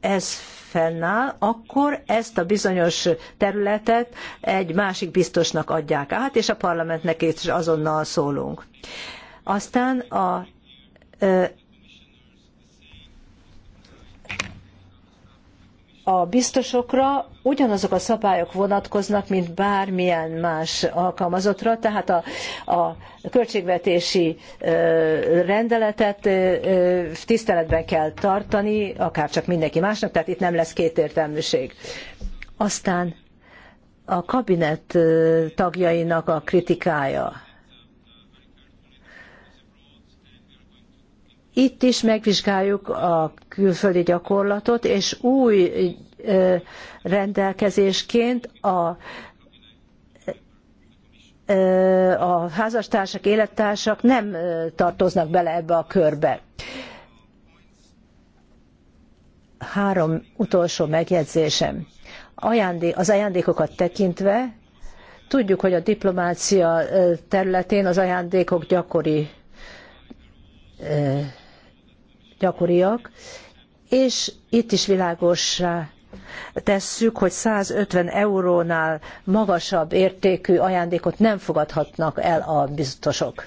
ez fennáll, akkor ezt a bizonyos területet egy másik biztosnak adják át, és a parlamentnek is azonnal szólunk. Aztán a a biztosokra ugyanazok a szabályok vonatkoznak, mint bármilyen más alkalmazottra, tehát a, a költségvetési rendeletet tiszteletben kell tartani, csak mindenki másnak, tehát itt nem lesz kétértelműség. Aztán a kabinet tagjainak a kritikája Itt is megvizsgáljuk a külföldi gyakorlatot, és új rendelkezésként a a házastársak, élettársak nem tartoznak bele ebbe a körbe. Három utolsó megjegyzésem. az ajándékokat tekintve tudjuk, hogy a diplomácia területén az ajándékok gyakori gyakoriak, és itt is világossá tesszük, hogy 150 eurónál magasabb értékű ajándékot nem fogadhatnak el a biztosok.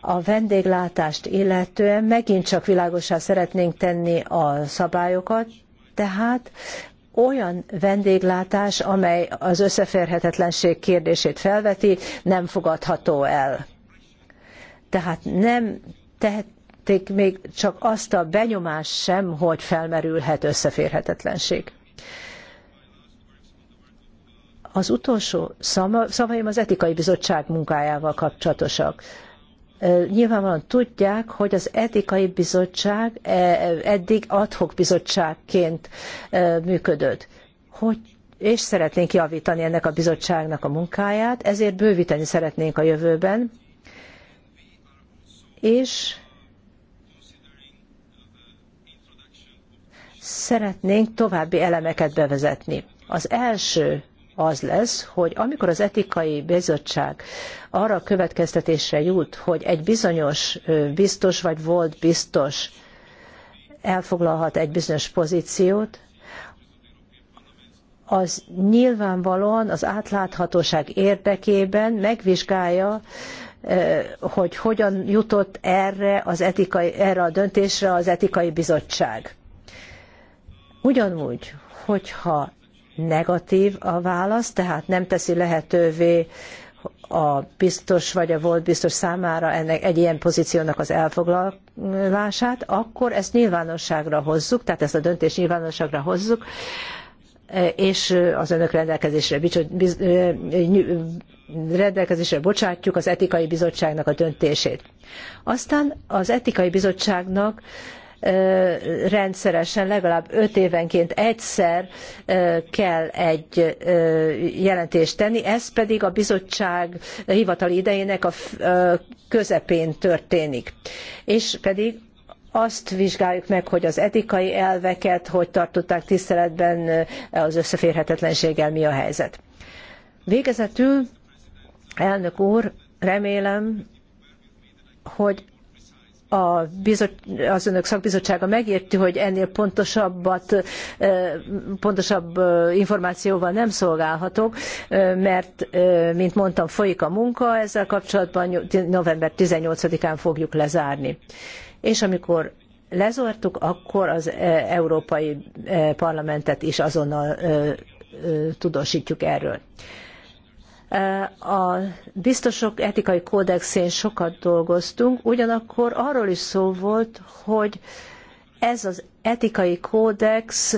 A vendéglátást illetően megint csak világosá szeretnénk tenni a szabályokat, tehát olyan vendéglátás, amely az összeférhetetlenség kérdését felveti, nem fogadható el. Tehát nem tehet, elérték még csak azt a benyomást sem, hogy felmerülhet összeférhetetlenség. Az utolsó szavaim az etikai bizottság munkájával kapcsolatosak. Nyilvánvalóan tudják, hogy az etikai bizottság e, eddig adhok bizottságként működött. Hogy és szeretnénk javítani ennek a bizottságnak a munkáját, ezért bővíteni szeretnénk a jövőben, és szeretnénk további elemeket bevezetni. Az első az lesz, hogy amikor az etikai bizottság arra a következtetésre jut, hogy egy bizonyos biztos vagy volt biztos elfoglalhat egy bizonyos pozíciót, az nyilvánvalóan az átláthatóság érdekében megvizsgálja, hogy hogyan jutott erre, az etikai, erre a döntésre az etikai bizottság Ugyanúgy, hogyha negatív a válasz, tehát nem teszi lehetővé a biztos vagy a volt biztos számára ennek egy ilyen pozíciónak az elfoglalását, akkor ezt nyilvánosságra hozzuk, tehát ezt a döntést nyilvánosságra hozzuk, és az önök rendelkezésre, rendelkezésre bocsátjuk az etikai bizottságnak a döntését. Aztán az etikai bizottságnak rendszeresen, legalább öt évenként egyszer kell egy jelentést tenni, ez pedig a bizottság hivatali idejének a közepén történik. És pedig azt vizsgáljuk meg, hogy az etikai elveket hogy tartották tiszteletben, az összeférhetetlenséggel mi a helyzet. Végezetül, elnök úr, remélem, hogy a az önök szakbizottsága megérti, hogy ennél pontosabbat, pontosabb információval nem szolgálhatok, mert, mint mondtam, folyik a munka ezzel kapcsolatban, november 18-án fogjuk lezárni. És amikor lezártuk, akkor az Európai Parlamentet is azonnal tudósítjuk erről. A biztosok etikai kódexén sokat dolgoztunk, ugyanakkor arról is szó volt, hogy ez az etikai kódex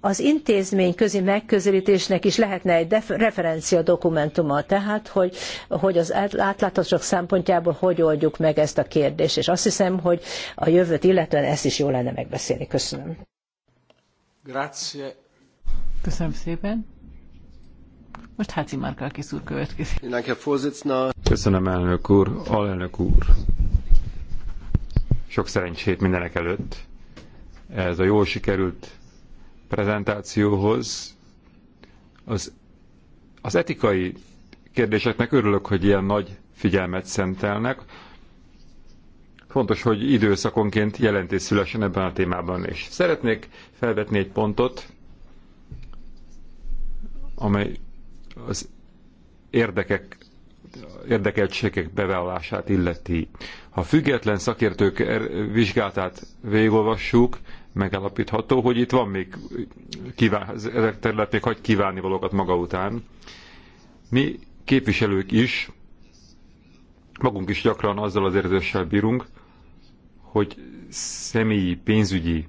az intézmény közi megközelítésnek is lehetne egy referencia dokumentuma, tehát hogy, hogy az átláthatóság szempontjából hogy oldjuk meg ezt a kérdést, és azt hiszem, hogy a jövőt illetően ezt is jó lenne megbeszélni. Köszönöm. Grazie. Köszönöm szépen. Most Háci Márkál úr következik. Köszönöm, elnök úr, alelnök úr. Sok szerencsét mindenek előtt. Ez a jól sikerült prezentációhoz. Az, az etikai kérdéseknek örülök, hogy ilyen nagy figyelmet szentelnek. Fontos, hogy időszakonként jelentés szülessen ebben a témában is. Szeretnék felvetni egy pontot, amely az érdekek érdekeltségek bevallását illeti. Ha független szakértők er- vizsgálatát végolvassuk, megállapítható, hogy itt van még ezek terület még hagy kívánni valókat maga után. Mi képviselők is, magunk is gyakran azzal az érzéssel bírunk, hogy személyi, pénzügyi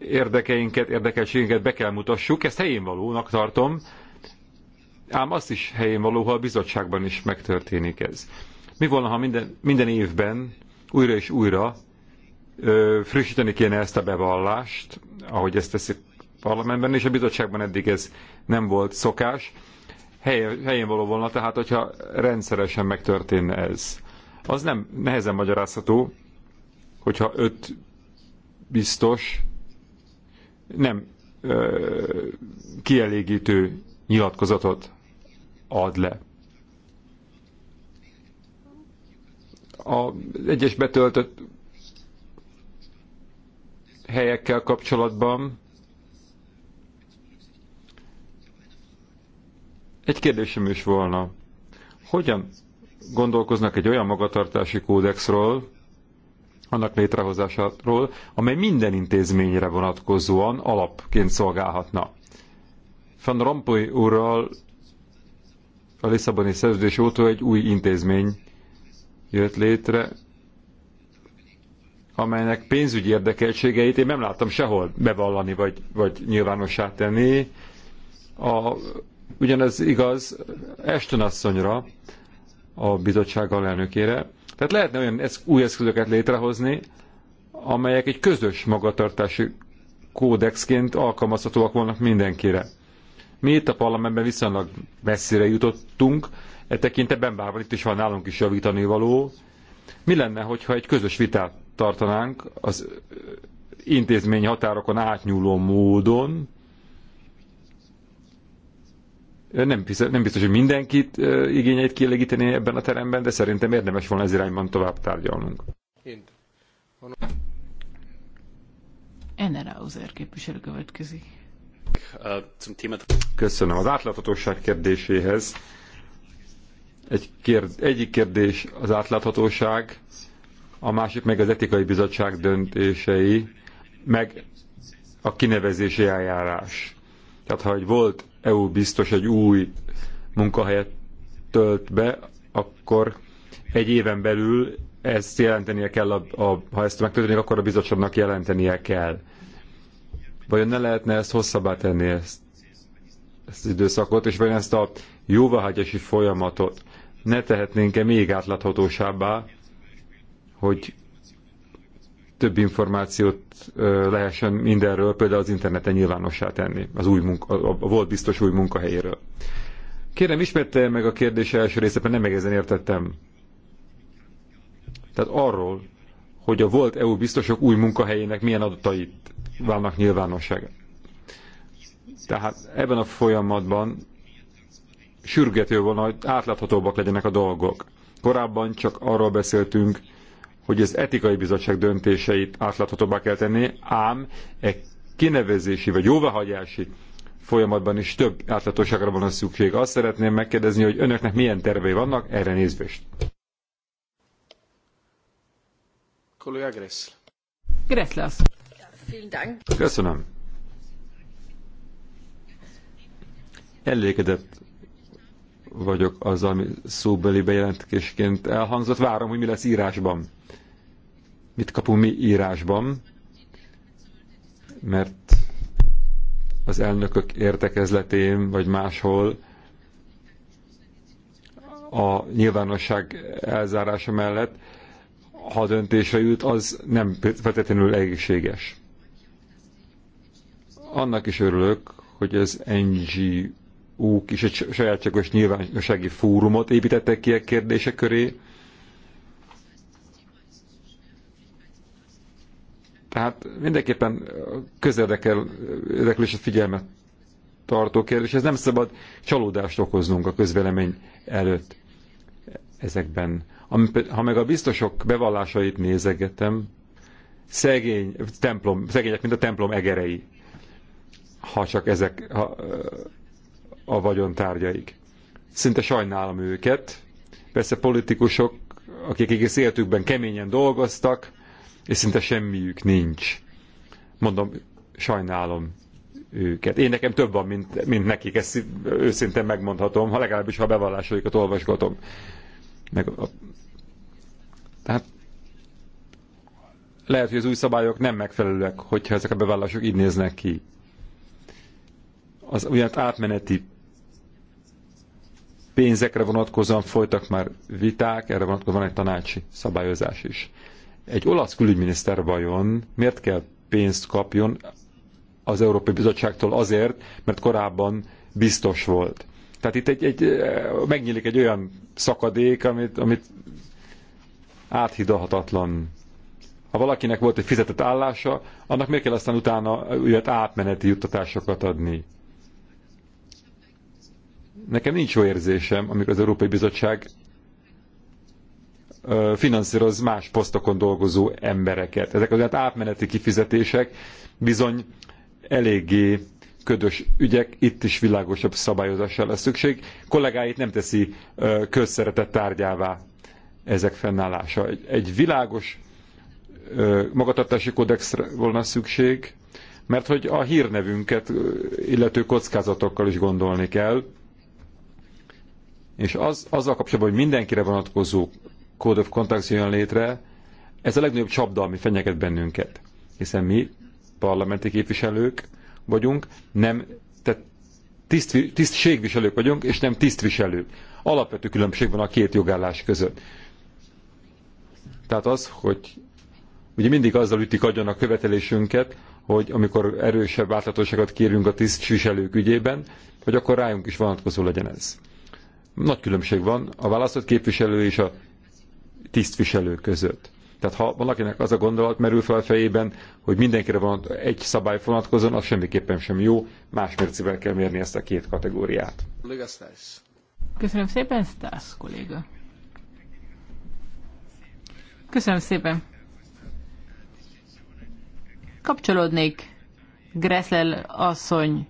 érdekeinket, érdekeltségünket be kell mutassuk, ezt helyén valónak tartom, Ám azt is helyén való, ha a bizottságban is megtörténik ez. Mi volna, ha minden, minden évben újra és újra ö, frissíteni kéne ezt a bevallást, ahogy ezt teszik parlamentben, és a bizottságban eddig ez nem volt szokás. Helyen, helyén való volna, tehát hogyha rendszeresen megtörténne ez. Az nem nehezen magyarázható, hogyha öt biztos nem ö, kielégítő nyilatkozatot ad le. A egyes betöltött helyekkel kapcsolatban egy kérdésem is volna. Hogyan gondolkoznak egy olyan magatartási kódexről, annak létrehozásáról, amely minden intézményre vonatkozóan alapként szolgálhatna. Van Rompuy úrral a Lisszaboni szerződés óta egy új intézmény jött létre, amelynek pénzügyi érdekeltségeit én nem láttam sehol bevallani vagy, vagy nyilvánossá tenni. A, ugyanez igaz Eston asszonyra, a bizottság alelnökére. Tehát lehetne olyan esz, új eszközöket létrehozni, amelyek egy közös magatartási kódexként alkalmazhatóak volnak mindenkire. Mi itt a parlamentben viszonylag messzire jutottunk, e tekintetben bár itt is van nálunk is javítani való. Mi lenne, hogyha egy közös vitát tartanánk az intézmény határokon átnyúló módon, nem biztos, nem biztos, hogy mindenkit igényeit kielégíteni ebben a teremben, de szerintem érdemes volna ez irányban tovább tárgyalnunk. Ennerauser képviselő következik. Köszönöm. Az átláthatóság kérdéséhez egy kérd, egyik kérdés az átláthatóság, a másik meg az etikai bizottság döntései, meg a kinevezési eljárás. Tehát ha egy volt EU biztos egy új munkahelyet tölt be, akkor egy éven belül ezt jelentenie kell, a, a, ha ezt megtörténik, akkor a bizottságnak jelentenie kell. Vajon ne lehetne ezt hosszabbá tenni, ezt, ezt az időszakot, és vajon ezt a jóváhagyási folyamatot ne tehetnénk-e még átláthatósabbá, hogy több információt lehessen mindenről, például az interneten nyilvánossá tenni, az új munka, a volt biztos új munkahelyéről. Kérem, ismerte meg a kérdés első részében, nem egészen értettem. Tehát arról, hogy a volt EU biztosok új munkahelyének milyen adatait válnak nyilvánosság. Tehát ebben a folyamatban sürgető volna, hogy átláthatóbbak legyenek a dolgok. Korábban csak arról beszéltünk, hogy az etikai bizottság döntéseit átláthatóbbá kell tenni, ám egy kinevezési vagy jóváhagyási folyamatban is több átláthatóságra van a szükség. Azt szeretném megkérdezni, hogy önöknek milyen tervei vannak erre nézvést. Kolléga Gressle. Köszönöm. Elégedett vagyok az, ami szóbeli bejelentésként elhangzott. Várom, hogy mi lesz írásban. Mit kapunk mi írásban? Mert az elnökök értekezletén, vagy máshol a nyilvánosság elzárása mellett, ha döntésre jut, az nem feltétlenül egészséges. Annak is örülök, hogy az NGO-k is egy sajátságos nyilvánossági fórumot építettek ki a kérdések köré. Tehát mindenképpen közeldekel érdeklés a figyelmet tartó kérdés. Ez nem szabad csalódást okoznunk a közvelemény előtt ezekben. Ha meg a biztosok bevallásait nézegetem, szegény templom, szegények, mint a templom egerei ha csak ezek a a vagyontárgyaik. Szinte sajnálom őket. Persze politikusok, akik egész életükben keményen dolgoztak, és szinte semmiük nincs. Mondom, sajnálom őket. Én nekem több van, mint, mint nekik, ezt őszintén megmondhatom, ha legalábbis ha a bevallásaikat olvasgatom. Meg a, tehát lehet, hogy az új szabályok nem megfelelőek, hogyha ezek a bevallások így néznek ki az úgynevezett átmeneti pénzekre vonatkozóan folytak már viták, erre vonatkozóan van egy tanácsi szabályozás is. Egy olasz külügyminiszter vajon miért kell pénzt kapjon az Európai Bizottságtól azért, mert korábban biztos volt. Tehát itt egy, egy, eh, megnyílik egy olyan szakadék, amit, amit áthidalhatatlan. Ha valakinek volt egy fizetett állása, annak miért kell aztán utána átmeneti juttatásokat adni? Nekem nincs jó érzésem, amikor az Európai Bizottság finanszíroz más posztokon dolgozó embereket. Ezek az átmeneti kifizetések bizony eléggé ködös ügyek, itt is világosabb szabályozásra lesz szükség. Kollégáit nem teszi közszeretett tárgyává ezek fennállása. Egy, egy világos magatartási kódexre volna szükség, mert hogy a hírnevünket illető kockázatokkal is gondolni kell, és az, azzal kapcsolatban, hogy mindenkire vonatkozó Code of Contacts jön létre, ez a legnagyobb csapda, ami fenyeget bennünket. Hiszen mi, parlamenti képviselők vagyunk, nem tehát tiszt, tisztségviselők vagyunk, és nem tisztviselők. Alapvető különbség van a két jogállás között. Tehát az, hogy ugye mindig azzal ütik agyon a követelésünket, hogy amikor erősebb váltatottságot kérünk a tisztviselők ügyében, hogy akkor rájunk is vonatkozó legyen ez. Nagy különbség van a választott képviselő és a tisztviselő között. Tehát ha valakinek az a gondolat merül fel a fejében, hogy mindenkire van egy szabály vonatkozóan, az semmiképpen sem jó, más mércivel kell mérni ezt a két kategóriát. Köszönöm szépen, Stász kolléga. Köszönöm szépen. Kapcsolódnék Gressel asszony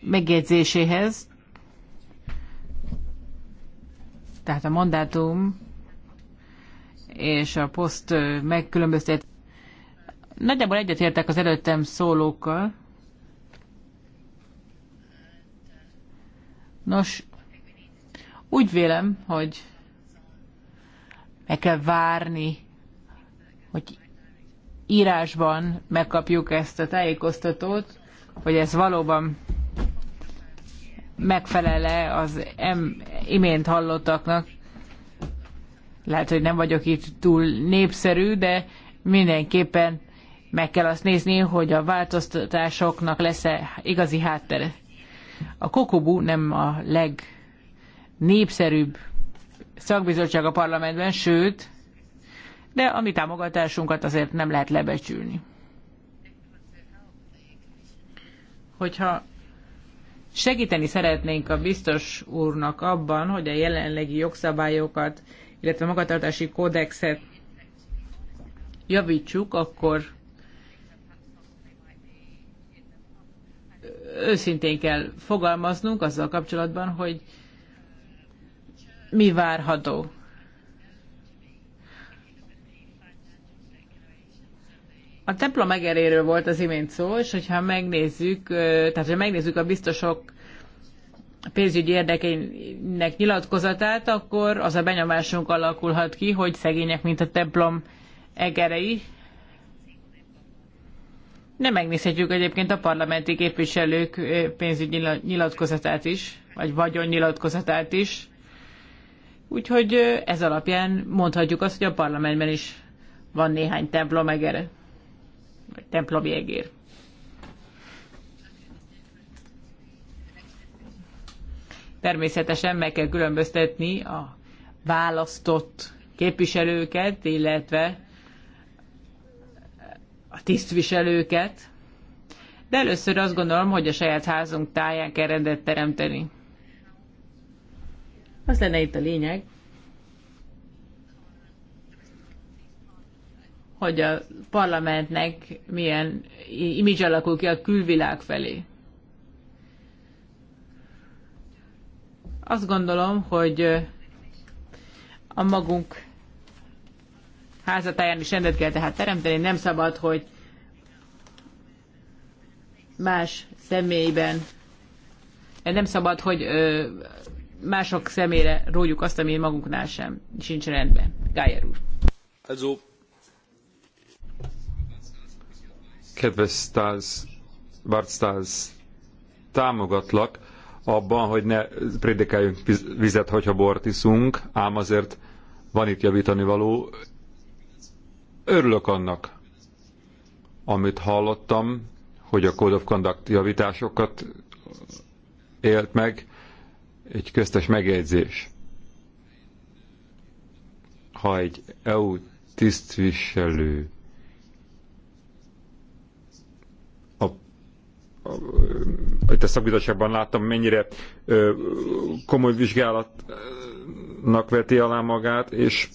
megjegyzéséhez. tehát a mandátum és a poszt megkülönböztet. Nagyjából egyetértek az előttem szólókkal. Nos, úgy vélem, hogy meg kell várni, hogy írásban megkapjuk ezt a tájékoztatót, hogy ez valóban megfelele az em, imént hallottaknak. Lehet, hogy nem vagyok itt túl népszerű, de mindenképpen meg kell azt nézni, hogy a változtatásoknak lesz-e igazi háttere. A kokobu nem a legnépszerűbb szakbizottság a parlamentben, sőt, de a mi támogatásunkat azért nem lehet lebecsülni. Hogyha Segíteni szeretnénk a biztos úrnak abban, hogy a jelenlegi jogszabályokat, illetve magatartási kódexet javítsuk, akkor őszintén kell fogalmaznunk azzal kapcsolatban, hogy mi várható. A templom megeréről volt az imént szó, és hogyha megnézzük, tehát ha megnézzük a biztosok pénzügyi érdekeinek nyilatkozatát, akkor az a benyomásunk alakulhat ki, hogy szegények, mint a templom egerei. Nem megnézhetjük egyébként a parlamenti képviselők pénzügyi nyilatkozatát is, vagy vagyonnyilatkozatát is. Úgyhogy ez alapján mondhatjuk azt, hogy a parlamentben is van néhány templom egere vagy templomi egér. Természetesen meg kell különböztetni a választott képviselőket, illetve a tisztviselőket, de először azt gondolom, hogy a saját házunk táján kell rendet teremteni. Az lenne itt a lényeg, hogy a parlamentnek milyen imidzs alakul ki a külvilág felé. Azt gondolom, hogy a magunk házatáján is rendet kell tehát teremteni, nem szabad, hogy más személyben, nem szabad, hogy mások szemére rójuk azt, ami magunknál sem sincs rendben. Gájer úr. Also, Kedves Stáz, Bart támogatlak abban, hogy ne prédikáljunk vizet, hogyha bort iszunk, ám azért van itt javítani való. Örülök annak, amit hallottam, hogy a Code of Conduct javításokat élt meg, egy köztes megjegyzés. Ha egy EU tisztviselő itt a szakbizottságban láttam, mennyire ö, komoly vizsgálatnak veti alá magát, és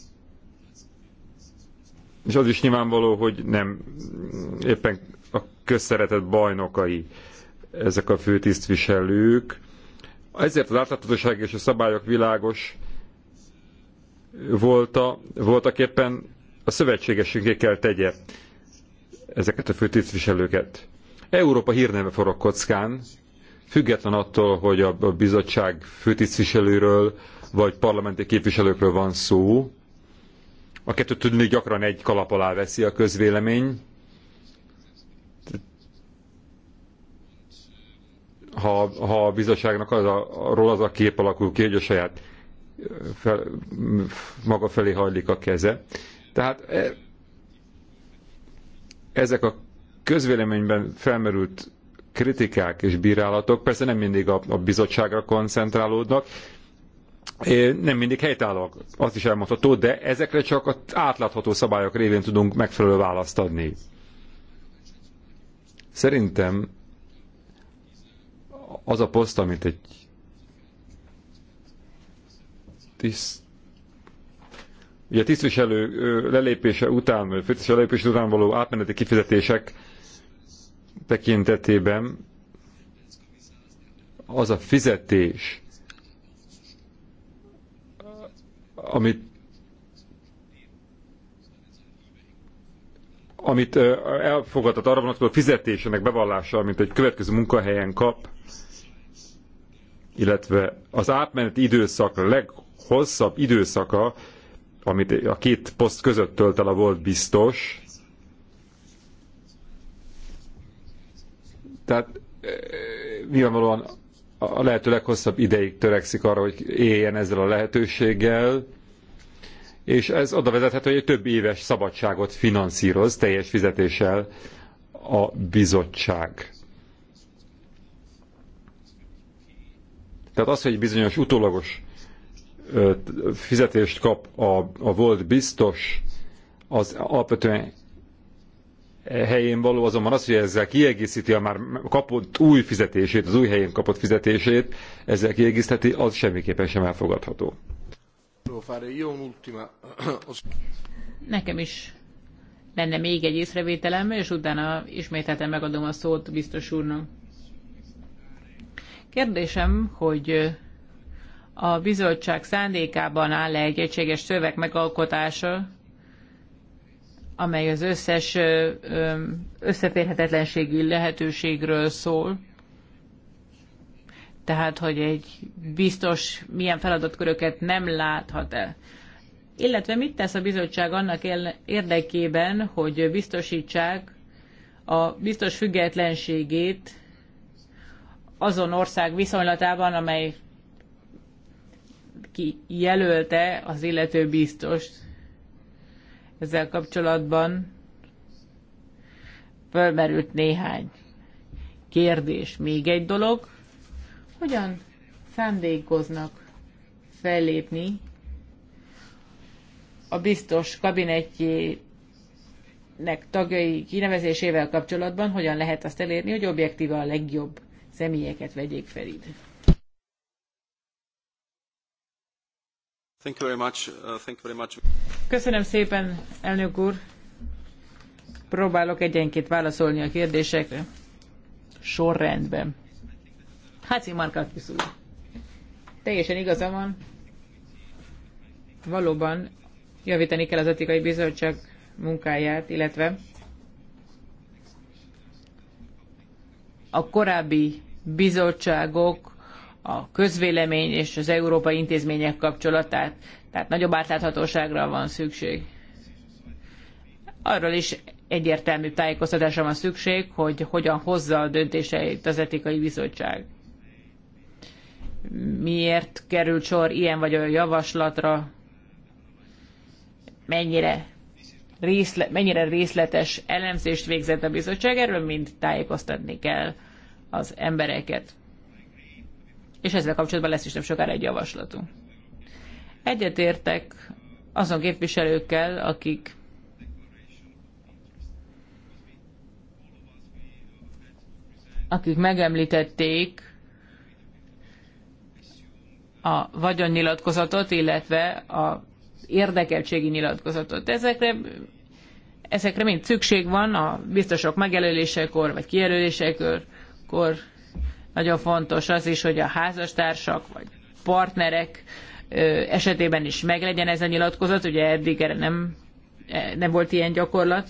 és az is nyilvánvaló, hogy nem éppen a közszeretett bajnokai ezek a főtisztviselők. Ezért az átláthatóság és a szabályok világos volta, voltak éppen a szövetségesünké kell tegye ezeket a főtisztviselőket. Európa hírneve forog kockán, független attól, hogy a bizottság főtisztviselőről vagy parlamenti képviselőkről van szó. A kettőt tudni gyakran egy kalap alá veszi a közvélemény. Ha, ha a bizottságnak az a, arról az a kép alakul ki, hogy a saját fel, maga felé hajlik a keze. Tehát e, ezek a közvéleményben felmerült kritikák és bírálatok persze nem mindig a, a bizottságra koncentrálódnak, nem mindig helytállóak, azt is elmondható, de ezekre csak az átlátható szabályok révén tudunk megfelelő választ adni. Szerintem az a poszt, amit egy tiszt, ugye a tisztviselő lelépése után, vagy tisztviselő lelépése után való átmeneti kifizetések tekintetében az a fizetés, amit amit elfogadhat arra vonatkozó fizetésének bevallása, amit egy következő munkahelyen kap, illetve az átmeneti időszak leghosszabb időszaka, amit a két poszt között tölt el a volt biztos, Tehát eh, nyilvánvalóan a lehető leghosszabb ideig törekszik arra, hogy éljen ezzel a lehetőséggel, és ez oda vezethet, hogy egy több éves szabadságot finanszíroz teljes fizetéssel a bizottság. Tehát az, hogy bizonyos utólagos fizetést kap a, a volt biztos, az alapvetően helyén való azonban az, hogy ezzel kiegészíti a már kapott új fizetését, az új helyén kapott fizetését, ezzel kiegészíti, az semmiképpen sem elfogadható. Nekem is lenne még egy észrevételem, és utána ismételten megadom a szót biztos úrnak. Kérdésem, hogy a bizottság szándékában áll -e egy egységes szöveg megalkotása, amely az összes összeférhetetlenségi lehetőségről szól, tehát hogy egy biztos milyen feladatköröket nem láthat el. Illetve mit tesz a bizottság annak érdekében, hogy biztosítsák a biztos függetlenségét azon ország viszonylatában, amely ki jelölte az illető biztost ezzel kapcsolatban fölmerült néhány kérdés. Még egy dolog, hogyan szándékoznak fellépni a biztos kabinetjének tagjai kinevezésével kapcsolatban, hogyan lehet azt elérni, hogy objektíve a legjobb személyeket vegyék fel ide. Uh, Köszönöm szépen, elnök úr. Próbálok egyenként válaszolni a kérdésekre. Sorrendben. Háci Markakis úr. Teljesen igaza van. Valóban javítani kell az etikai bizottság munkáját, illetve a korábbi bizottságok, a közvélemény és az európai intézmények kapcsolatát. Tehát nagyobb átláthatóságra van szükség. Arról is egyértelmű tájékoztatásra van szükség, hogy hogyan hozza a döntéseit az etikai bizottság. Miért került sor ilyen vagy olyan javaslatra, mennyire, részle, mennyire részletes elemzést végzett a bizottság, erről mind tájékoztatni kell az embereket. És ezzel kapcsolatban lesz is nem sokára egy javaslatunk. Egyetértek azon képviselőkkel, akik akik megemlítették a vagyonnyilatkozatot, illetve a érdekeltségi nyilatkozatot. Ezekre, ezekre mind szükség van a biztosok megjelölésekor, vagy kijelölésekor. Nagyon fontos az is, hogy a házastársak, vagy partnerek esetében is meglegyen ez a nyilatkozat, ugye eddig erre nem, e, nem volt ilyen gyakorlat.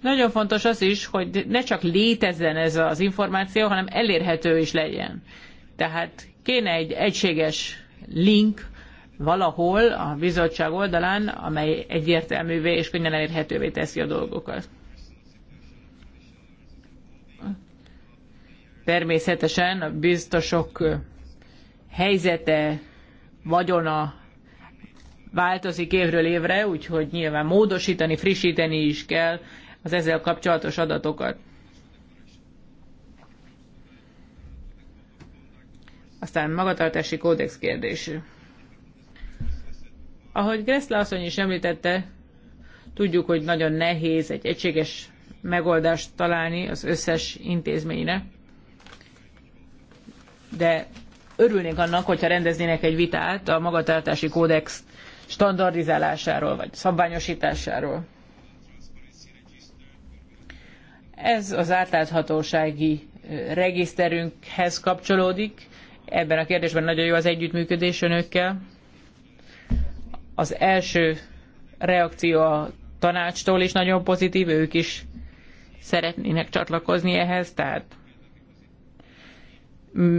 Nagyon fontos az is, hogy ne csak létezzen ez az információ, hanem elérhető is legyen. Tehát kéne egy egységes link valahol a bizottság oldalán, amely egyértelművé és könnyen elérhetővé teszi a dolgokat. Természetesen a biztosok helyzete vagyona változik évről évre, úgyhogy nyilván módosítani, frissíteni is kell az ezzel kapcsolatos adatokat. Aztán magatartási kódex kérdés. Ahogy Gressle asszony is említette, tudjuk, hogy nagyon nehéz egy egységes megoldást találni az összes intézményre, de örülnénk annak, hogyha rendeznének egy vitát a magatartási kódex standardizálásáról, vagy szabványosításáról. Ez az átláthatósági regiszterünkhez kapcsolódik. Ebben a kérdésben nagyon jó az együttműködés önökkel. Az első reakció a tanácstól is nagyon pozitív, ők is szeretnének csatlakozni ehhez, tehát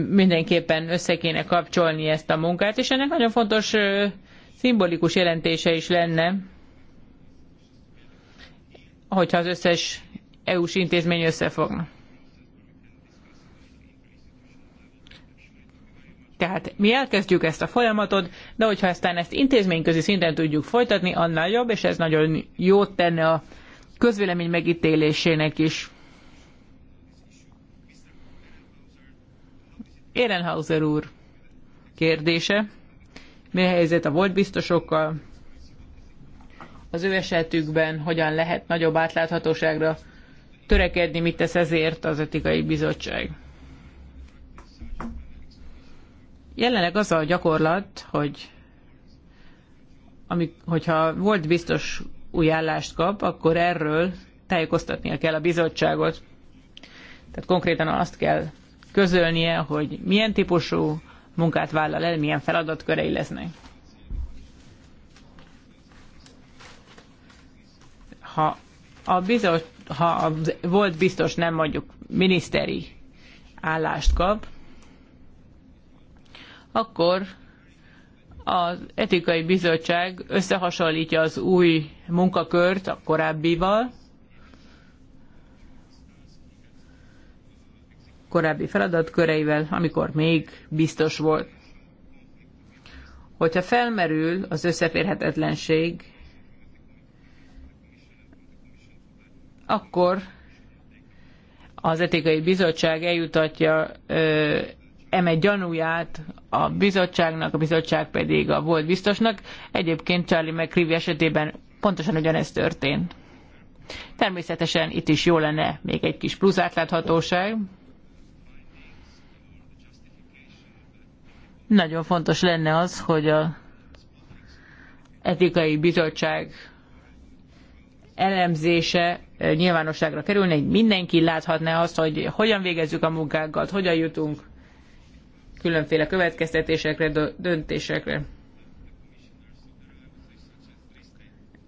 mindenképpen össze kéne kapcsolni ezt a munkát, és ennek nagyon fontos szimbolikus jelentése is lenne, hogyha az összes EU-s intézmény összefogna. Tehát mi elkezdjük ezt a folyamatot, de hogyha aztán ezt intézményközi szinten tudjuk folytatni, annál jobb, és ez nagyon jót tenne a közvélemény megítélésének is. Ehrenhauser úr kérdése. Mi a helyzet a volt biztosokkal? Az ő esetükben hogyan lehet nagyobb átláthatóságra törekedni, mit tesz ezért az etikai bizottság? Jelenleg az a gyakorlat, hogy ami, hogyha volt biztos új állást kap, akkor erről tájékoztatnia kell a bizottságot. Tehát konkrétan azt kell közölnie, hogy milyen típusú munkát vállal el, milyen feladatkörei lesznek. Ha a, bizot, ha a volt biztos nem mondjuk miniszteri állást kap, akkor az etikai bizottság összehasonlítja az új munkakört a korábbival, korábbi feladatköreivel, amikor még biztos volt. Hogyha felmerül az összeférhetetlenség, akkor az etikai bizottság eljutatja eme gyanúját a bizottságnak, a bizottság pedig a volt biztosnak. Egyébként Charlie McCreevy esetében pontosan ugyanez történt. Természetesen itt is jó lenne még egy kis plusz átláthatóság, Nagyon fontos lenne az, hogy a etikai bizottság elemzése eh, nyilvánosságra kerülne, hogy mindenki láthatná azt, hogy hogyan végezzük a munkákat, hogyan jutunk különféle következtetésekre, döntésekre.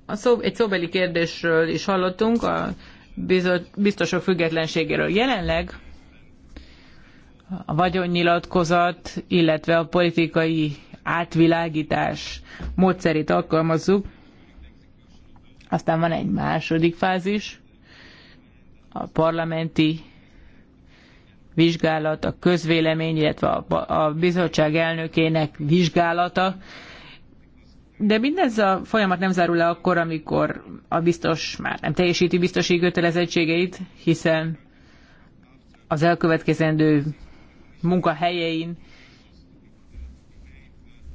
A szó, egy szóbeli kérdésről is hallottunk, a biztosok függetlenségéről. Jelenleg a vagyonnyilatkozat, illetve a politikai átvilágítás módszerét alkalmazzuk. Aztán van egy második fázis, a parlamenti vizsgálat, a közvélemény, illetve a, bizottság elnökének vizsgálata. De mindez a folyamat nem zárul le akkor, amikor a biztos már nem teljesíti biztosi kötelezettségeit, hiszen az elkövetkezendő munkahelyein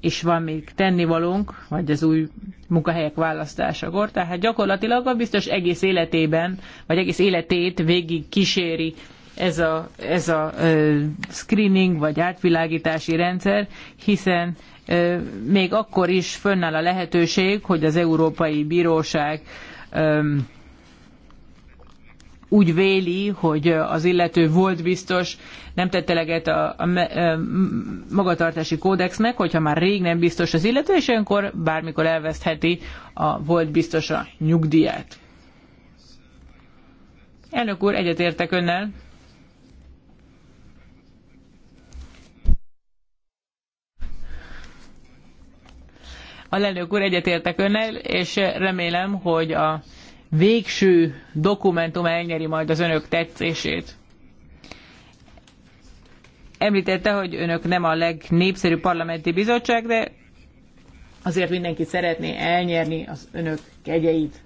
és van még tennivalónk, vagy az új munkahelyek választásakor. Tehát gyakorlatilag a biztos egész életében, vagy egész életét végig kíséri ez a, ez a ö, screening, vagy átvilágítási rendszer, hiszen ö, még akkor is fönnáll a lehetőség, hogy az Európai Bíróság ö, úgy véli, hogy az illető volt biztos, nem tette eleget a, a, a magatartási kódexnek, hogyha már rég nem biztos az illető, és olyankor bármikor elvesztheti a volt biztos a nyugdíját. Elnök úr, egyetértek önnel. A lelők úr, egyetértek önnel, és remélem, hogy a végső dokumentum elnyeri majd az önök tetszését. Említette, hogy önök nem a legnépszerűbb parlamenti bizottság, de azért mindenki szeretné elnyerni az önök kegyeit.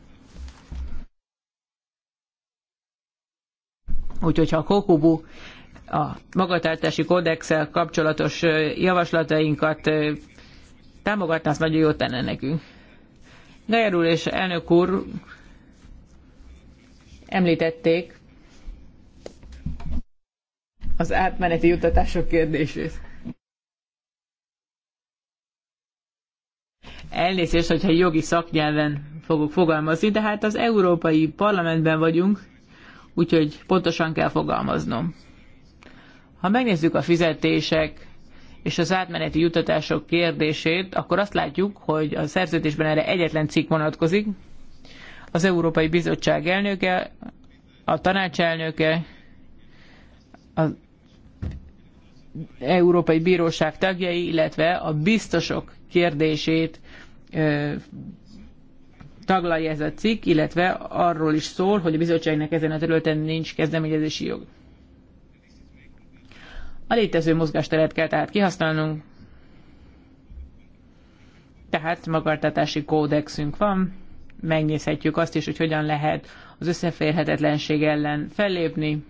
Úgyhogy ha a Kokubu a magatartási kódexsel kapcsolatos javaslatainkat támogatná, az nagyon jót tenne nekünk. Gajer úr és elnök úr említették az átmeneti juttatások kérdését. Elnézést, hogyha jogi szaknyelven fogok fogalmazni, de hát az Európai Parlamentben vagyunk, úgyhogy pontosan kell fogalmaznom. Ha megnézzük a fizetések és az átmeneti juttatások kérdését, akkor azt látjuk, hogy a szerződésben erre egyetlen cikk vonatkozik, az Európai Bizottság elnöke, a tanács elnöke, az Európai Bíróság tagjai, illetve a biztosok kérdését taglalja ez a cikk, illetve arról is szól, hogy a bizottságnak ezen a területen nincs kezdeményezési jog. A létező mozgásteret kell tehát kihasználnunk, tehát magartatási kódexünk van, megnézhetjük azt is, hogy hogyan lehet az összeférhetetlenség ellen fellépni,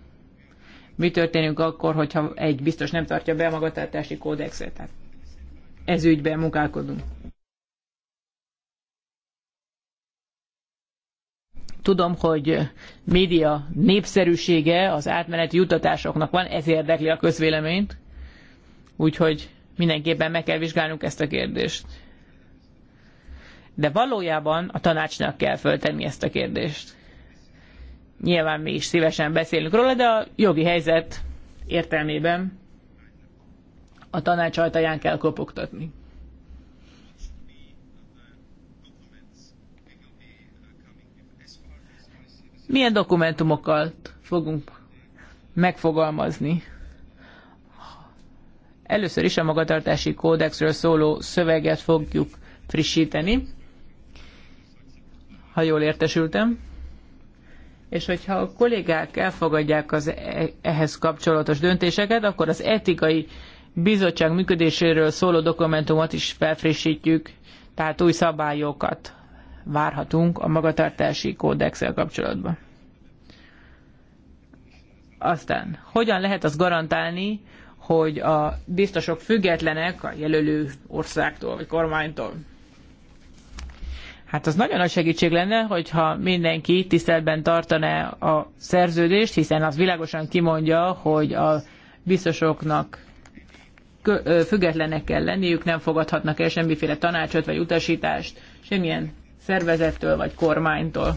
mi történik akkor, hogyha egy biztos nem tartja be a magatartási kódexet. Tehát ez ügyben munkálkodunk. Tudom, hogy média népszerűsége az átmeneti jutatásoknak van, ez érdekli a közvéleményt, úgyhogy mindenképpen meg kell vizsgálnunk ezt a kérdést de valójában a tanácsnak kell föltenni ezt a kérdést. Nyilván mi is szívesen beszélünk róla, de a jogi helyzet értelmében a tanács ajtaján kell kopogtatni. Milyen dokumentumokat fogunk megfogalmazni? Először is a magatartási kódexről szóló szöveget fogjuk frissíteni ha jól értesültem. És hogyha a kollégák elfogadják az e- ehhez kapcsolatos döntéseket, akkor az etikai bizottság működéséről szóló dokumentumot is felfrissítjük, tehát új szabályokat várhatunk a magatartási kódexel kapcsolatban. Aztán, hogyan lehet azt garantálni, hogy a biztosok függetlenek a jelölő országtól vagy kormánytól? Hát az nagyon nagy segítség lenne, hogyha mindenki tiszteletben tartaná a szerződést, hiszen az világosan kimondja, hogy a biztosoknak függetlenek kell lenniük, nem fogadhatnak el semmiféle tanácsot vagy utasítást, semmilyen szervezettől vagy kormánytól.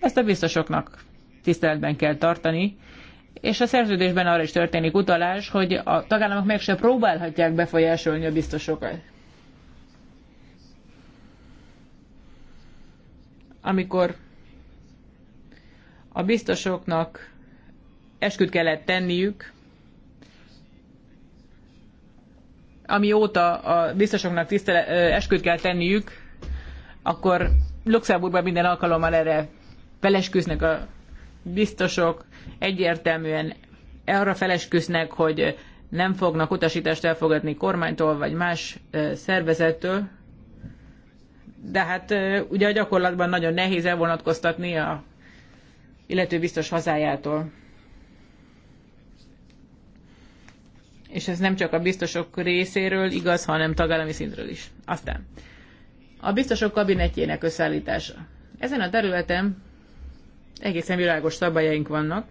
Ezt a biztosoknak tiszteletben kell tartani, és a szerződésben arra is történik utalás, hogy a tagállamok meg se próbálhatják befolyásolni a biztosokat. amikor a biztosoknak esküt kellett tenniük, amióta a biztosoknak tisztele, esküt kell tenniük, akkor Luxemburgban minden alkalommal erre felesküsznek a biztosok, egyértelműen arra felesküsznek, hogy nem fognak utasítást elfogadni kormánytól vagy más szervezettől, de hát ugye a gyakorlatban nagyon nehéz elvonatkoztatni a illető biztos hazájától. És ez nem csak a biztosok részéről igaz, hanem tagállami szintről is. Aztán a biztosok kabinetjének összeállítása. Ezen a területen egészen világos szabályaink vannak,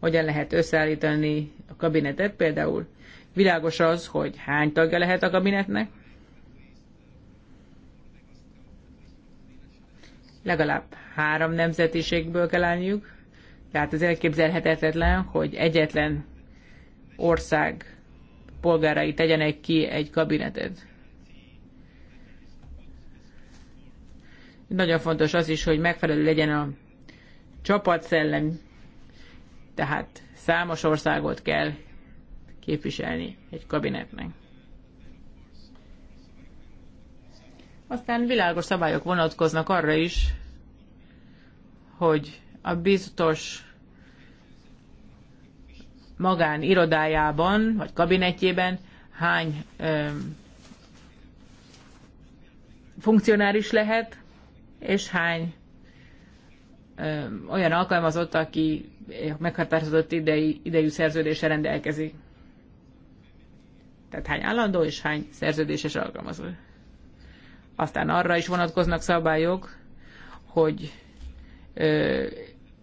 hogyan lehet összeállítani a kabinetet, például világos az, hogy hány tagja lehet a kabinetnek, legalább három nemzetiségből kell állniuk, tehát az elképzelhetetlen, hogy egyetlen ország polgárai tegyenek ki egy kabinetet. Nagyon fontos az is, hogy megfelelő legyen a csapatszellem, tehát számos országot kell képviselni egy kabinetnek. Aztán világos szabályok vonatkoznak arra is, hogy a biztos magán irodájában, vagy kabinetjében hány ö, funkcionáris lehet, és hány ö, olyan alkalmazott, aki meghatározott idei, idejű szerződése rendelkezik. Tehát hány állandó és hány szerződéses alkalmazott. Aztán arra is vonatkoznak szabályok, hogy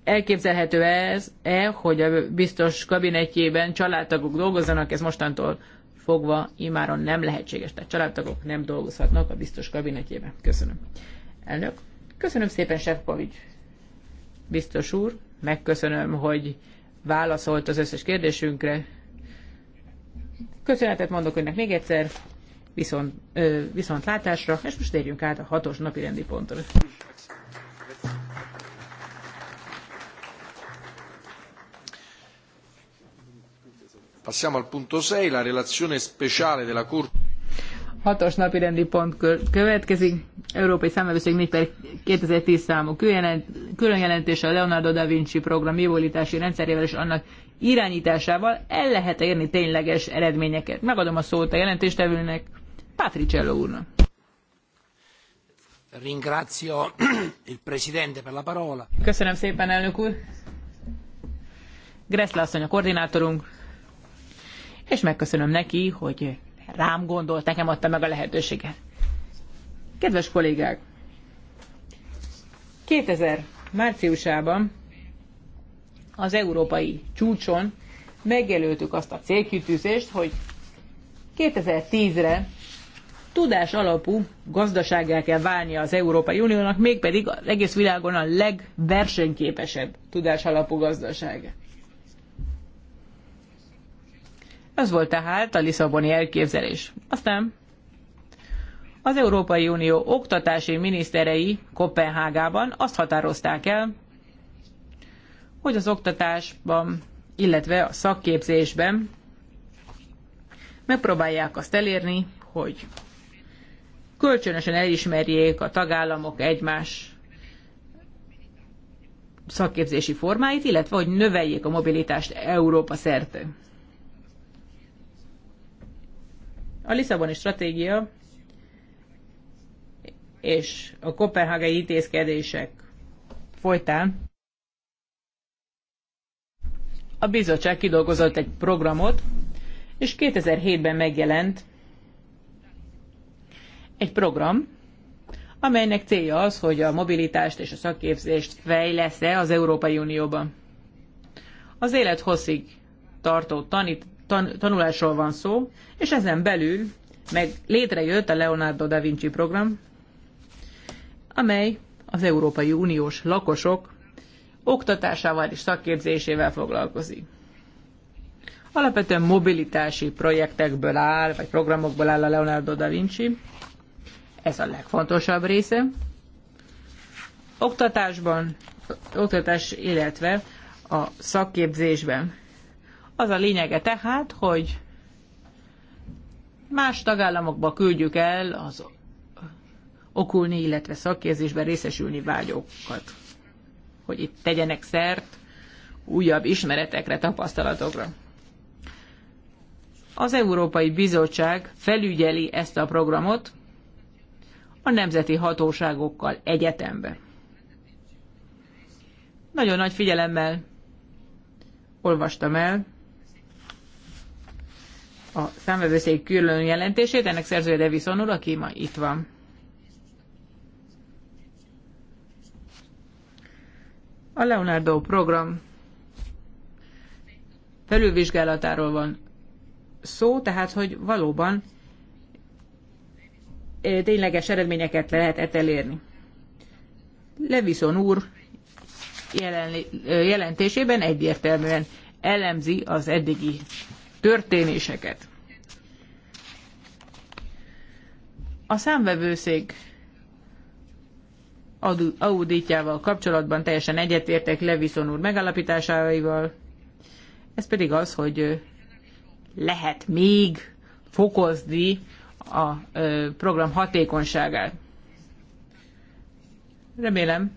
elképzelhető ez, -e, hogy a biztos kabinetjében családtagok dolgozzanak, ez mostantól fogva imáron nem lehetséges, tehát családtagok nem dolgozhatnak a biztos kabinetjében. Köszönöm. Elnök, köszönöm szépen Sefkovics biztos úr, megköszönöm, hogy válaszolt az összes kérdésünkre. Köszönetet mondok önnek még egyszer, viszont, ö, látásra, és most térjünk át a hatos napi rendi pontra. Passiamo al punto 6, la relazione speciale della Corte. Hatos napi rendi pont következik. Európai Számvevőszék 4 per 2010 számú különjelentése a Leonardo da Vinci program jóvolítási rendszerével és annak irányításával el lehet érni tényleges eredményeket. Megadom a szót a jelentéstevőnek. Patricello úrnak. Ringrazio il Presidente per la parola. Köszönöm szépen, elnök úr. Gressle asszony a koordinátorunk, és megköszönöm neki, hogy rám gondolt, nekem adta meg a lehetőséget. Kedves kollégák! 2000 márciusában az európai csúcson megjelöltük azt a célkitűzést, hogy 2010-re tudás alapú gazdasággá kell válnia az Európai Uniónak, mégpedig az egész világon a legversenyképesebb tudás alapú gazdaság. Ez volt tehát a Lisszaboni elképzelés. Aztán az Európai Unió oktatási miniszterei Kopenhágában azt határozták el, hogy az oktatásban, illetve a szakképzésben megpróbálják azt elérni, hogy kölcsönösen elismerjék a tagállamok egymás szakképzési formáit, illetve hogy növeljék a mobilitást Európa szerte. A Lisszaboni stratégia és a kopenhágai intézkedések folytán a bizottság kidolgozott egy programot, és 2007-ben megjelent egy program, amelynek célja az, hogy a mobilitást és a szakképzést fejlesz -e az Európai Unióban. Az élet hosszig tartó tanít, tan, tanulásról van szó, és ezen belül meg létrejött a Leonardo da Vinci program, amely az Európai Uniós lakosok oktatásával és szakképzésével foglalkozik. Alapvetően mobilitási projektekből áll, vagy programokból áll a Leonardo da Vinci, ez a legfontosabb része. Oktatásban, oktatás, illetve a szakképzésben. Az a lényege tehát, hogy más tagállamokba küldjük el az okulni, illetve szakképzésben részesülni vágyókat, hogy itt tegyenek szert újabb ismeretekre, tapasztalatokra. Az Európai Bizottság felügyeli ezt a programot, a nemzeti hatóságokkal egyetembe. Nagyon nagy figyelemmel olvastam el a számvevőszék külön jelentését, ennek szerzője Devison úr, aki ma itt van. A Leonardo program felülvizsgálatáról van szó, tehát hogy valóban tényleges eredményeket lehet elérni. Levison úr jelen, jelentésében egyértelműen elemzi az eddigi történéseket. A számvevőszék audítjával kapcsolatban teljesen egyetértek Levison úr megalapításával, ez pedig az, hogy lehet még fokozni a program hatékonyságát. Remélem,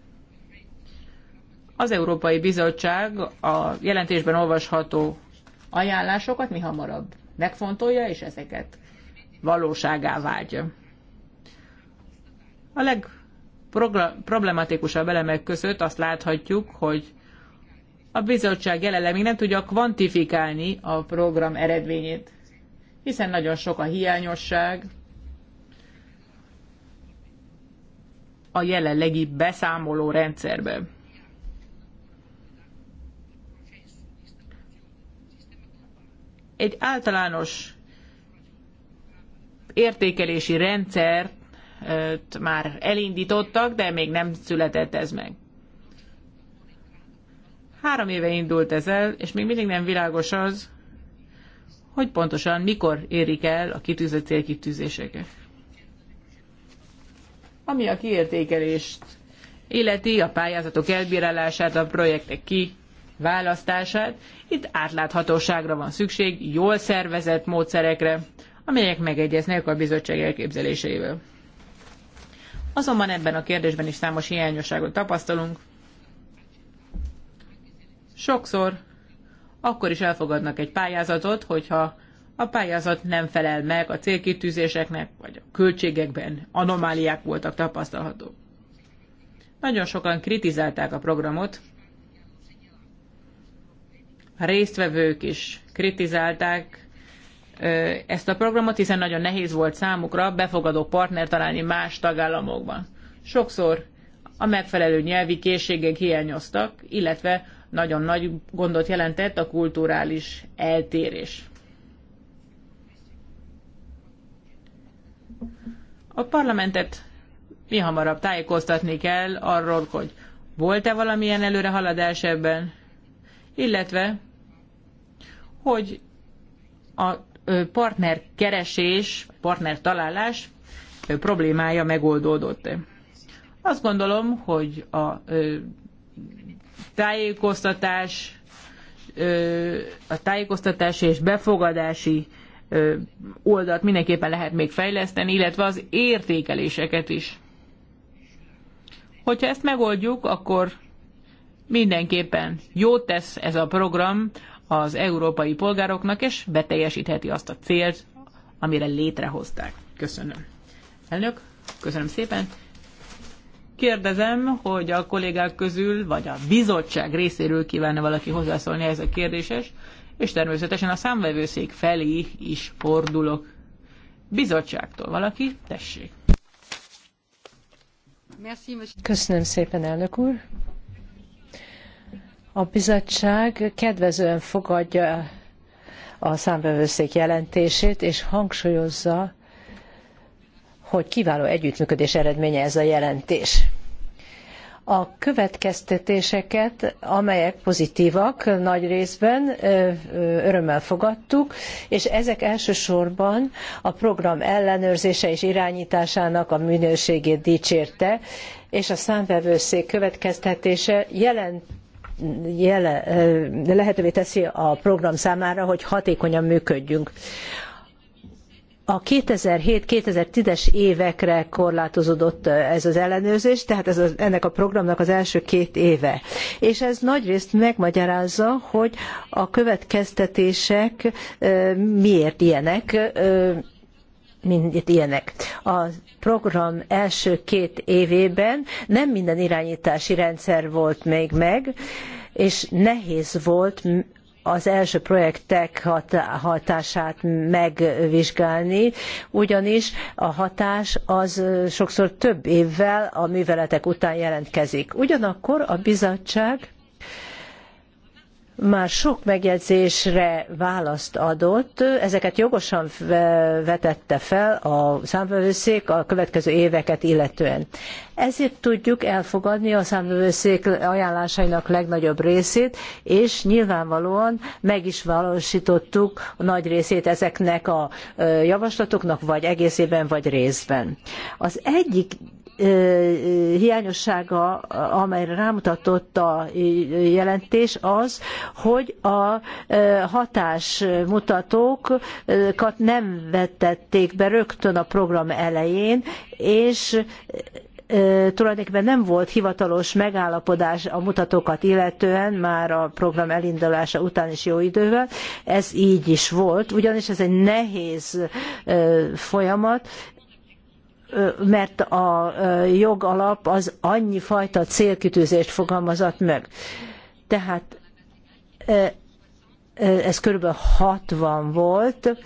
az Európai Bizottság a jelentésben olvasható ajánlásokat mi hamarabb megfontolja, és ezeket valóságá váltja. A legproblematikusabb elemek között azt láthatjuk, hogy a bizottság jelenleg még nem tudja kvantifikálni a program eredményét hiszen nagyon sok a hiányosság, a jelenlegi beszámoló rendszerbe. Egy általános értékelési rendszert eh, már elindítottak, de még nem született ez meg. Három éve indult ez el, és még mindig nem világos az, hogy pontosan mikor érik el a kitűzött célkitűzéseket. Ami a kiértékelést illeti, a pályázatok elbírálását, a projektek ki választását, itt átláthatóságra van szükség, jól szervezett módszerekre, amelyek megegyeznek a bizottság elképzeléseivel. Azonban ebben a kérdésben is számos hiányosságot tapasztalunk. Sokszor akkor is elfogadnak egy pályázatot, hogyha a pályázat nem felel meg a célkitűzéseknek, vagy a költségekben anomáliák voltak tapasztalhatók. Nagyon sokan kritizálták a programot, a résztvevők is kritizálták ezt a programot, hiszen nagyon nehéz volt számukra befogadó partner találni más tagállamokban. Sokszor a megfelelő nyelvi készségek hiányoztak, illetve nagyon nagy gondot jelentett a kulturális eltérés. A parlamentet mi hamarabb tájékoztatni kell arról, hogy volt-e valamilyen előrehaladás ebben, illetve hogy a partnerkeresés, partnertalálás problémája megoldódott. Azt gondolom, hogy a tájékoztatás, a tájékoztatási és befogadási oldalt mindenképpen lehet még fejleszteni, illetve az értékeléseket is. Hogyha ezt megoldjuk, akkor mindenképpen jót tesz ez a program az európai polgároknak, és beteljesítheti azt a célt, amire létrehozták. Köszönöm. Elnök, köszönöm szépen. Kérdezem, hogy a kollégák közül, vagy a bizottság részéről kívánna valaki hozzászólni ez a kérdéses, és természetesen a számvevőszék felé is fordulok. Bizottságtól valaki, tessék. Köszönöm szépen, elnök úr. A bizottság kedvezően fogadja a számvevőszék jelentését, és hangsúlyozza, hogy kiváló együttműködés eredménye ez a jelentés. A következtetéseket, amelyek pozitívak nagy részben, örömmel fogadtuk, és ezek elsősorban a program ellenőrzése és irányításának a minőségét dicsérte, és a számvevőszék következtetése jelent jele, lehetővé teszi a program számára, hogy hatékonyan működjünk a 2007-2010-es évekre korlátozódott ez az ellenőrzés, tehát ez az, ennek a programnak az első két éve. És ez nagyrészt megmagyarázza, hogy a következtetések miért ilyenek, mint ilyenek. A program első két évében nem minden irányítási rendszer volt még meg, és nehéz volt az első projektek hatását megvizsgálni, ugyanis a hatás az sokszor több évvel a műveletek után jelentkezik. Ugyanakkor a bizottság már sok megjegyzésre választ adott, ezeket jogosan vetette fel a számvevőszék a következő éveket illetően. Ezért tudjuk elfogadni a számvevőszék ajánlásainak legnagyobb részét, és nyilvánvalóan meg is valósítottuk a nagy részét ezeknek a javaslatoknak, vagy egészében, vagy részben. Az egyik hiányossága, amelyre rámutatott a jelentés az, hogy a hatásmutatókat nem vetették be rögtön a program elején, és tulajdonképpen nem volt hivatalos megállapodás a mutatókat illetően, már a program elindulása után is jó idővel. Ez így is volt, ugyanis ez egy nehéz folyamat, mert a jogalap az annyi fajta célkitűzést fogalmazott meg. Tehát ez körülbelül 60 volt,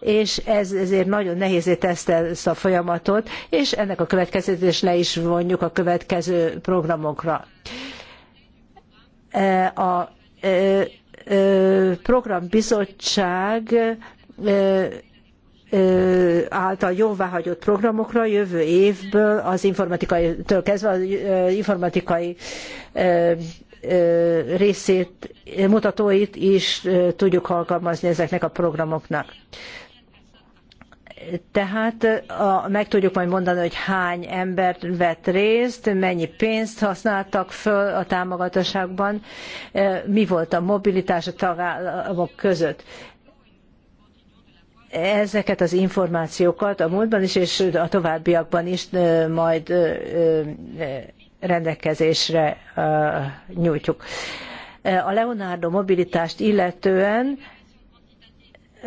és ez, ezért nagyon nehézé teszte ezt a folyamatot, és ennek a következőt is le is vonjuk a következő programokra. A programbizottság által jóváhagyott programokra jövő évből az informatikai, től kezdve az informatikai részét, mutatóit is tudjuk alkalmazni ezeknek a programoknak. Tehát a, meg tudjuk majd mondani, hogy hány ember vett részt, mennyi pénzt használtak föl a támogatóságban, mi volt a mobilitás a tagállamok között ezeket az információkat a múltban is és a továbbiakban is majd rendelkezésre nyújtjuk. A Leonardo mobilitást illetően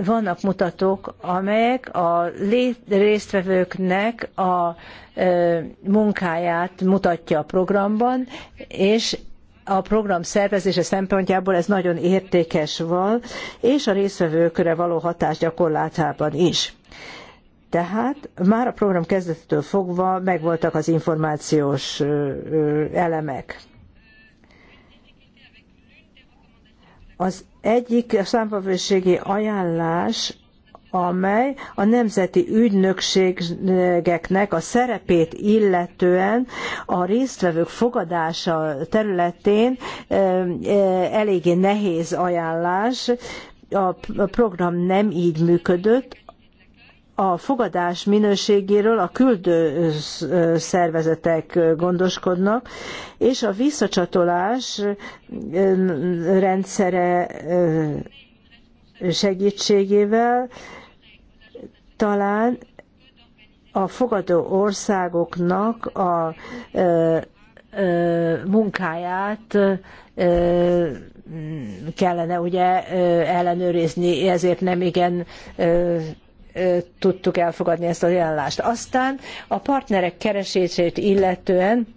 vannak mutatók, amelyek a résztvevőknek a munkáját mutatja a programban, és a program szervezése szempontjából ez nagyon értékes val, és a részvevőkre való gyakorlátában is. Tehát már a program kezdetétől fogva megvoltak az információs elemek. Az egyik számfavőségi ajánlás amely a nemzeti ügynökségeknek a szerepét illetően a résztvevők fogadása területén eléggé nehéz ajánlás. A program nem így működött, a fogadás minőségéről a küldő szervezetek gondoskodnak, és a visszacsatolás rendszere segítségével talán a fogadó országoknak a ö, ö, munkáját ö, kellene ugye ellenőrizni, ezért nem igen tudtuk elfogadni ezt az ajánlást. Aztán a partnerek keresését illetően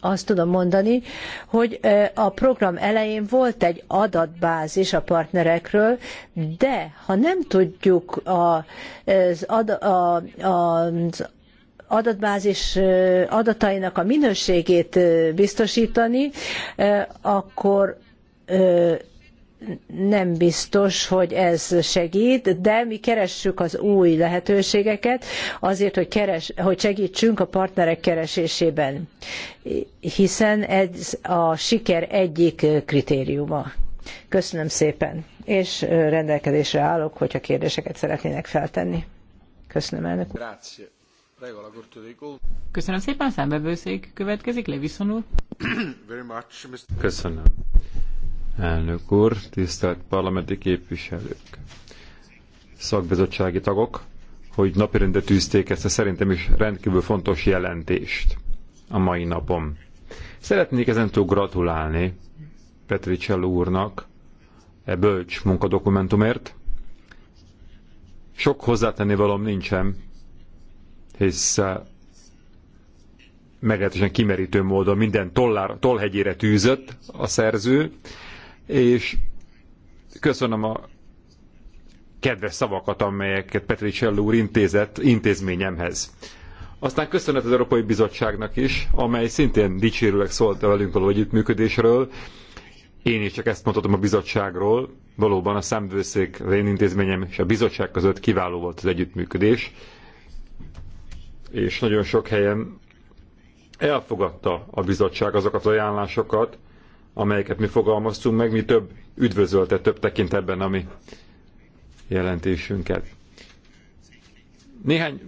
azt tudom mondani, hogy a program elején volt egy adatbázis a partnerekről, de ha nem tudjuk az, ad, a, az adatbázis adatainak a minőségét biztosítani, akkor nem biztos, hogy ez segít, de mi keressük az új lehetőségeket azért, hogy, keres, hogy segítsünk a partnerek keresésében, hiszen ez a siker egyik kritériuma. Köszönöm szépen, és rendelkezésre állok, hogyha kérdéseket szeretnének feltenni. Köszönöm, elnök úr. Köszönöm szépen, számbevőszék következik, Levison úr. Köszönöm. Elnök úr, tisztelt parlamenti képviselők, szakbizottsági tagok, hogy napirendre tűzték ezt a szerintem is rendkívül fontos jelentést a mai napon. Szeretnék ezentúl gratulálni Petricello úrnak e bölcs munkadokumentumért. Sok hozzátenni valom nincsen, hisz meglehetősen kimerítő módon minden tollár, tollhegyére tűzött a szerző, és köszönöm a kedves szavakat, amelyeket Petricello úr intézett intézményemhez. Aztán köszönet az Európai Bizottságnak is, amely szintén dicsérőleg szólt a velünk való együttműködésről. Én is csak ezt mondhatom a bizottságról. Valóban a szemvőszék, az én intézményem és a bizottság között kiváló volt az együttműködés. És nagyon sok helyen elfogadta a bizottság azokat az ajánlásokat, amelyeket mi fogalmaztunk meg, mi több üdvözölte több tekintetben a mi jelentésünket. Néhány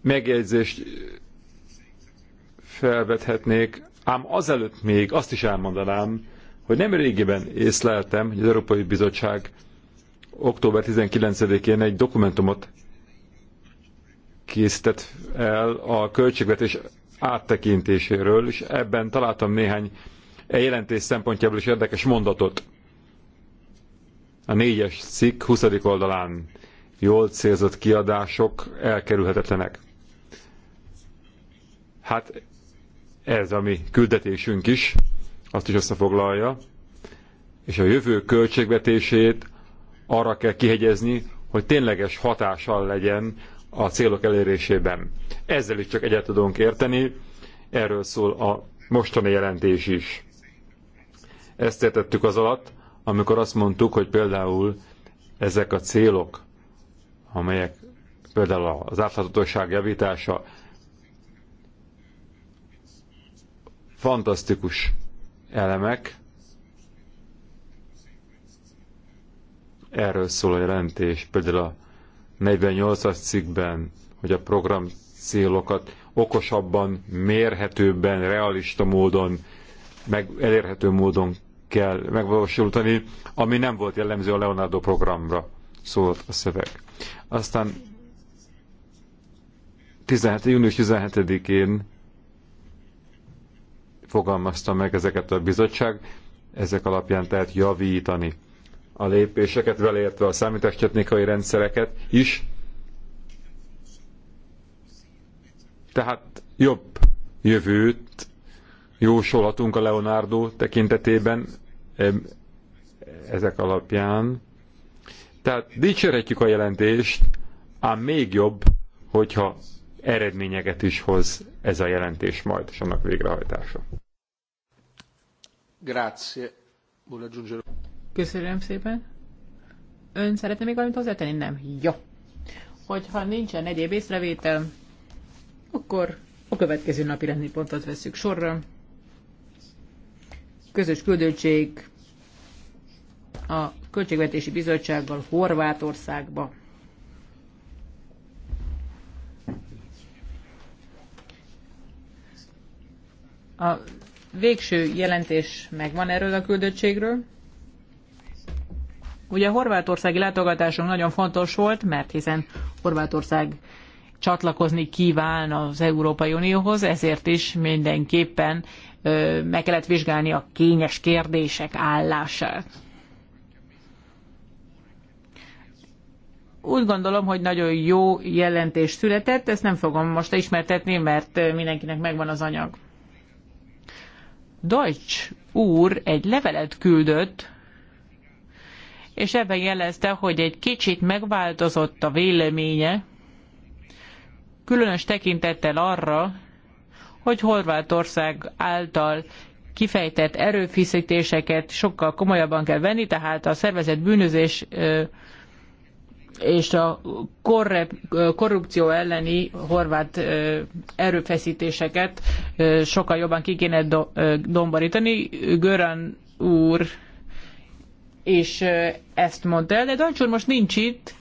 megjegyzést felvethetnék, ám azelőtt még azt is elmondanám, hogy nem régiben észleltem, hogy az Európai Bizottság október 19-én egy dokumentumot készített el a költségvetés áttekintéséről, és ebben találtam néhány e jelentés szempontjából is érdekes mondatot. A négyes cikk 20. oldalán jól célzott kiadások elkerülhetetlenek. Hát ez a mi küldetésünk is, azt is összefoglalja, és a jövő költségvetését arra kell kihegyezni, hogy tényleges hatással legyen a célok elérésében. Ezzel is csak egyet tudunk érteni, erről szól a mostani jelentés is. Ezt értettük az alatt, amikor azt mondtuk, hogy például ezek a célok, amelyek például az átláthatóság javítása fantasztikus elemek, erről szól a jelentés, például a 48-as cikkben, hogy a program célokat okosabban, mérhetőbben, realista módon, meg elérhető módon kell megvalósítani, ami nem volt jellemző a Leonardo programra, szólt a szöveg. Aztán 17, június 17-én fogalmazta meg ezeket a bizottság, ezek alapján tehát javítani a lépéseket, beleértve a számítástechnikai rendszereket is. Tehát jobb jövőt jósolhatunk a Leonardo tekintetében ezek alapján. Tehát dicsérhetjük a jelentést, ám még jobb, hogyha eredményeket is hoz ez a jelentés majd, és annak végrehajtása. Grazie. Köszönöm szépen. Ön szeretne még valamit hozzátenni? Nem. Jó. Hogyha nincsen egyéb észrevétel, akkor a következő napi rendi pontot veszük sorra közös küldöttség a Költségvetési Bizottsággal Horvátországba. A végső jelentés megvan erről a küldöttségről. Ugye a horvátországi látogatásunk nagyon fontos volt, mert hiszen Horvátország csatlakozni kíván az Európai Unióhoz, ezért is mindenképpen meg kellett vizsgálni a kényes kérdések állását. Úgy gondolom, hogy nagyon jó jelentés született, ezt nem fogom most ismertetni, mert mindenkinek megvan az anyag. Deutsch úr egy levelet küldött, és ebben jelezte, hogy egy kicsit megváltozott a véleménye, különös tekintettel arra, hogy Horvátország által kifejtett erőfeszítéseket sokkal komolyabban kell venni, tehát a szervezett bűnözés és a korrupció elleni horvát erőfeszítéseket sokkal jobban ki kéne domborítani. Göran úr és ezt mondta el, de Dancsúr most nincs itt,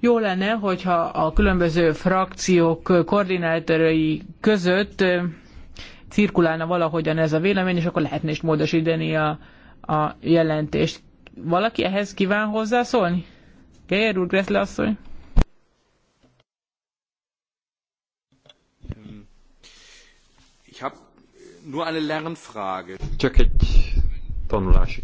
jó lenne, hogyha a különböző frakciók koordinátorai között cirkulálna valahogyan ez a vélemény, és akkor lehetne is módosítani a, a jelentést. Valaki ehhez kíván hozzászólni? Geyer úr, Gressle asszony? Ähm, Csak egy tanulási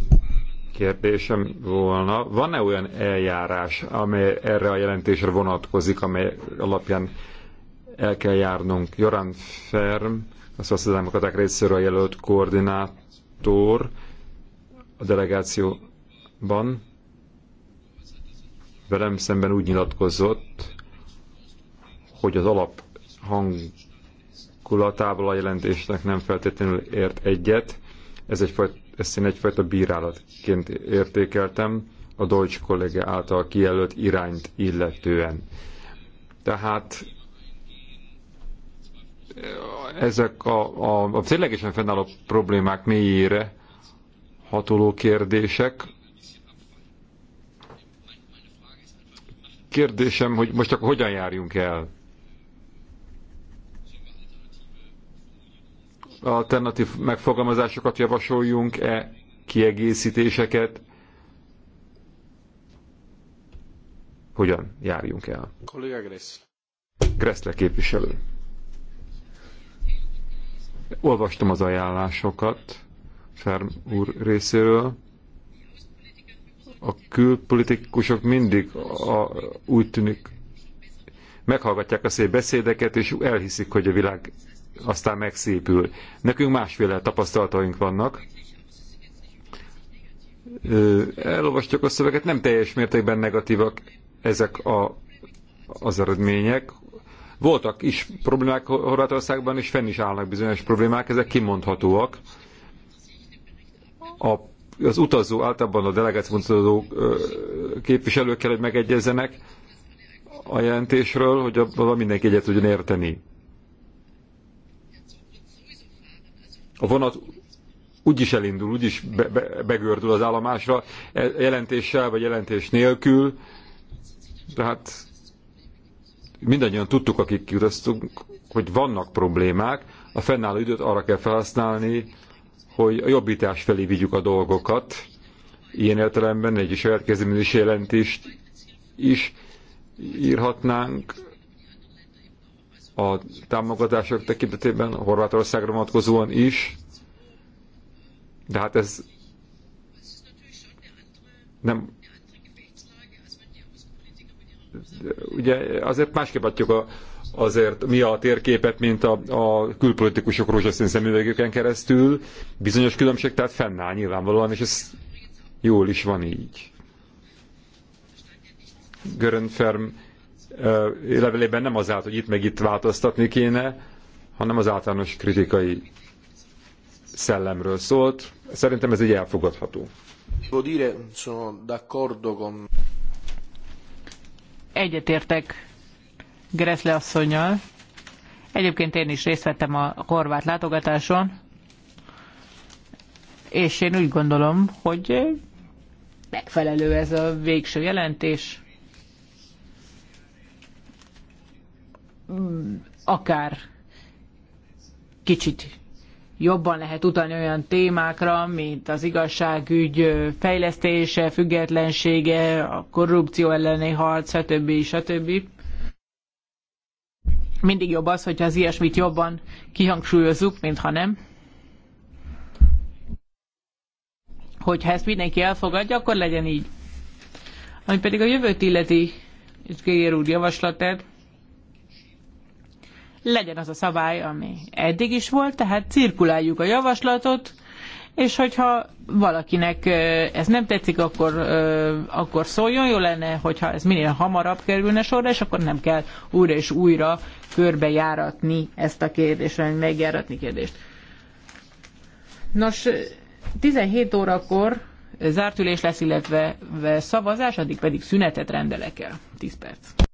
kérdésem volna, van-e olyan eljárás, amely erre a jelentésre vonatkozik, amely alapján el kell járnunk? Joran Ferm, a szociáldemokraták részéről jelölt koordinátor a delegációban velem szemben úgy nyilatkozott, hogy az alap hangulatával a jelentésnek nem feltétlenül ért egyet. Ez egyfajta ezt én egyfajta bírálatként értékeltem a Deutsch kollége által kijelölt irányt illetően. Tehát eh, ezek a, a, a ténylegesen fennálló problémák mélyére hatoló kérdések. Kérdésem, hogy most akkor hogyan járjunk el? alternatív megfogalmazásokat javasoljunk-e, kiegészítéseket, hogyan járjunk el. Kolléga Gressz. Gressle képviselő. Olvastam az ajánlásokat Ferm úr részéről. A külpolitikusok mindig a, úgy tűnik, meghallgatják a szép beszédeket, és elhiszik, hogy a világ aztán megszépül. Nekünk másféle tapasztalataink vannak. Elolvastuk a szöveget, nem teljes mértékben negatívak ezek a, az eredmények. Voltak is problémák Horvátországban, és fenn is állnak bizonyos problémák, ezek kimondhatóak. A, az utazó, általában a delegáció képviselőkkel, hogy megegyezzenek a jelentésről, hogy abban mindenki egyet tudjon érteni. a vonat úgyis elindul, úgyis be, be, begördül az állomásra, e, jelentéssel vagy jelentés nélkül. Tehát mindannyian tudtuk, akik kiutaztunk, hogy vannak problémák, a fennálló időt arra kell felhasználni, hogy a jobbítás felé vigyük a dolgokat. Ilyen értelemben egy saját kezdeményezés jelentést is írhatnánk, a támogatások tekintetében, a Horvátországra vonatkozóan is, de hát ez nem ugye azért másképp adjuk a, azért mi a térképet, mint a, a külpolitikusok rózsaszín szemüvegüken keresztül. Bizonyos különbség tehát fennáll nyilvánvalóan, és ez jól is van így. Görönferm levelében nem az állt, hogy itt meg itt változtatni kéne, hanem az általános kritikai szellemről szólt. Szerintem ez egy elfogadható. Egyetértek Gresle asszonynal. Egyébként én is részt vettem a horvát látogatáson, és én úgy gondolom, hogy megfelelő ez a végső jelentés. Mm, akár kicsit jobban lehet utalni olyan témákra, mint az igazságügy fejlesztése, függetlensége, a korrupció elleni harc, stb. stb. Mindig jobb az, hogyha az ilyesmit jobban kihangsúlyozzuk, mint ha nem. Hogyha ezt mindenki elfogadja, akkor legyen így. Ami pedig a jövőt illeti, és Géger úr javaslatát, legyen az a szabály, ami eddig is volt, tehát cirkuláljuk a javaslatot, és hogyha valakinek ez nem tetszik, akkor, akkor szóljon, jó lenne, hogyha ez minél hamarabb kerülne sorra, és akkor nem kell újra és újra körbejáratni ezt a kérdést, vagy megjáratni kérdést. Nos, 17 órakor zártülés lesz, illetve szavazás, addig pedig szünetet rendelek el. 10 perc.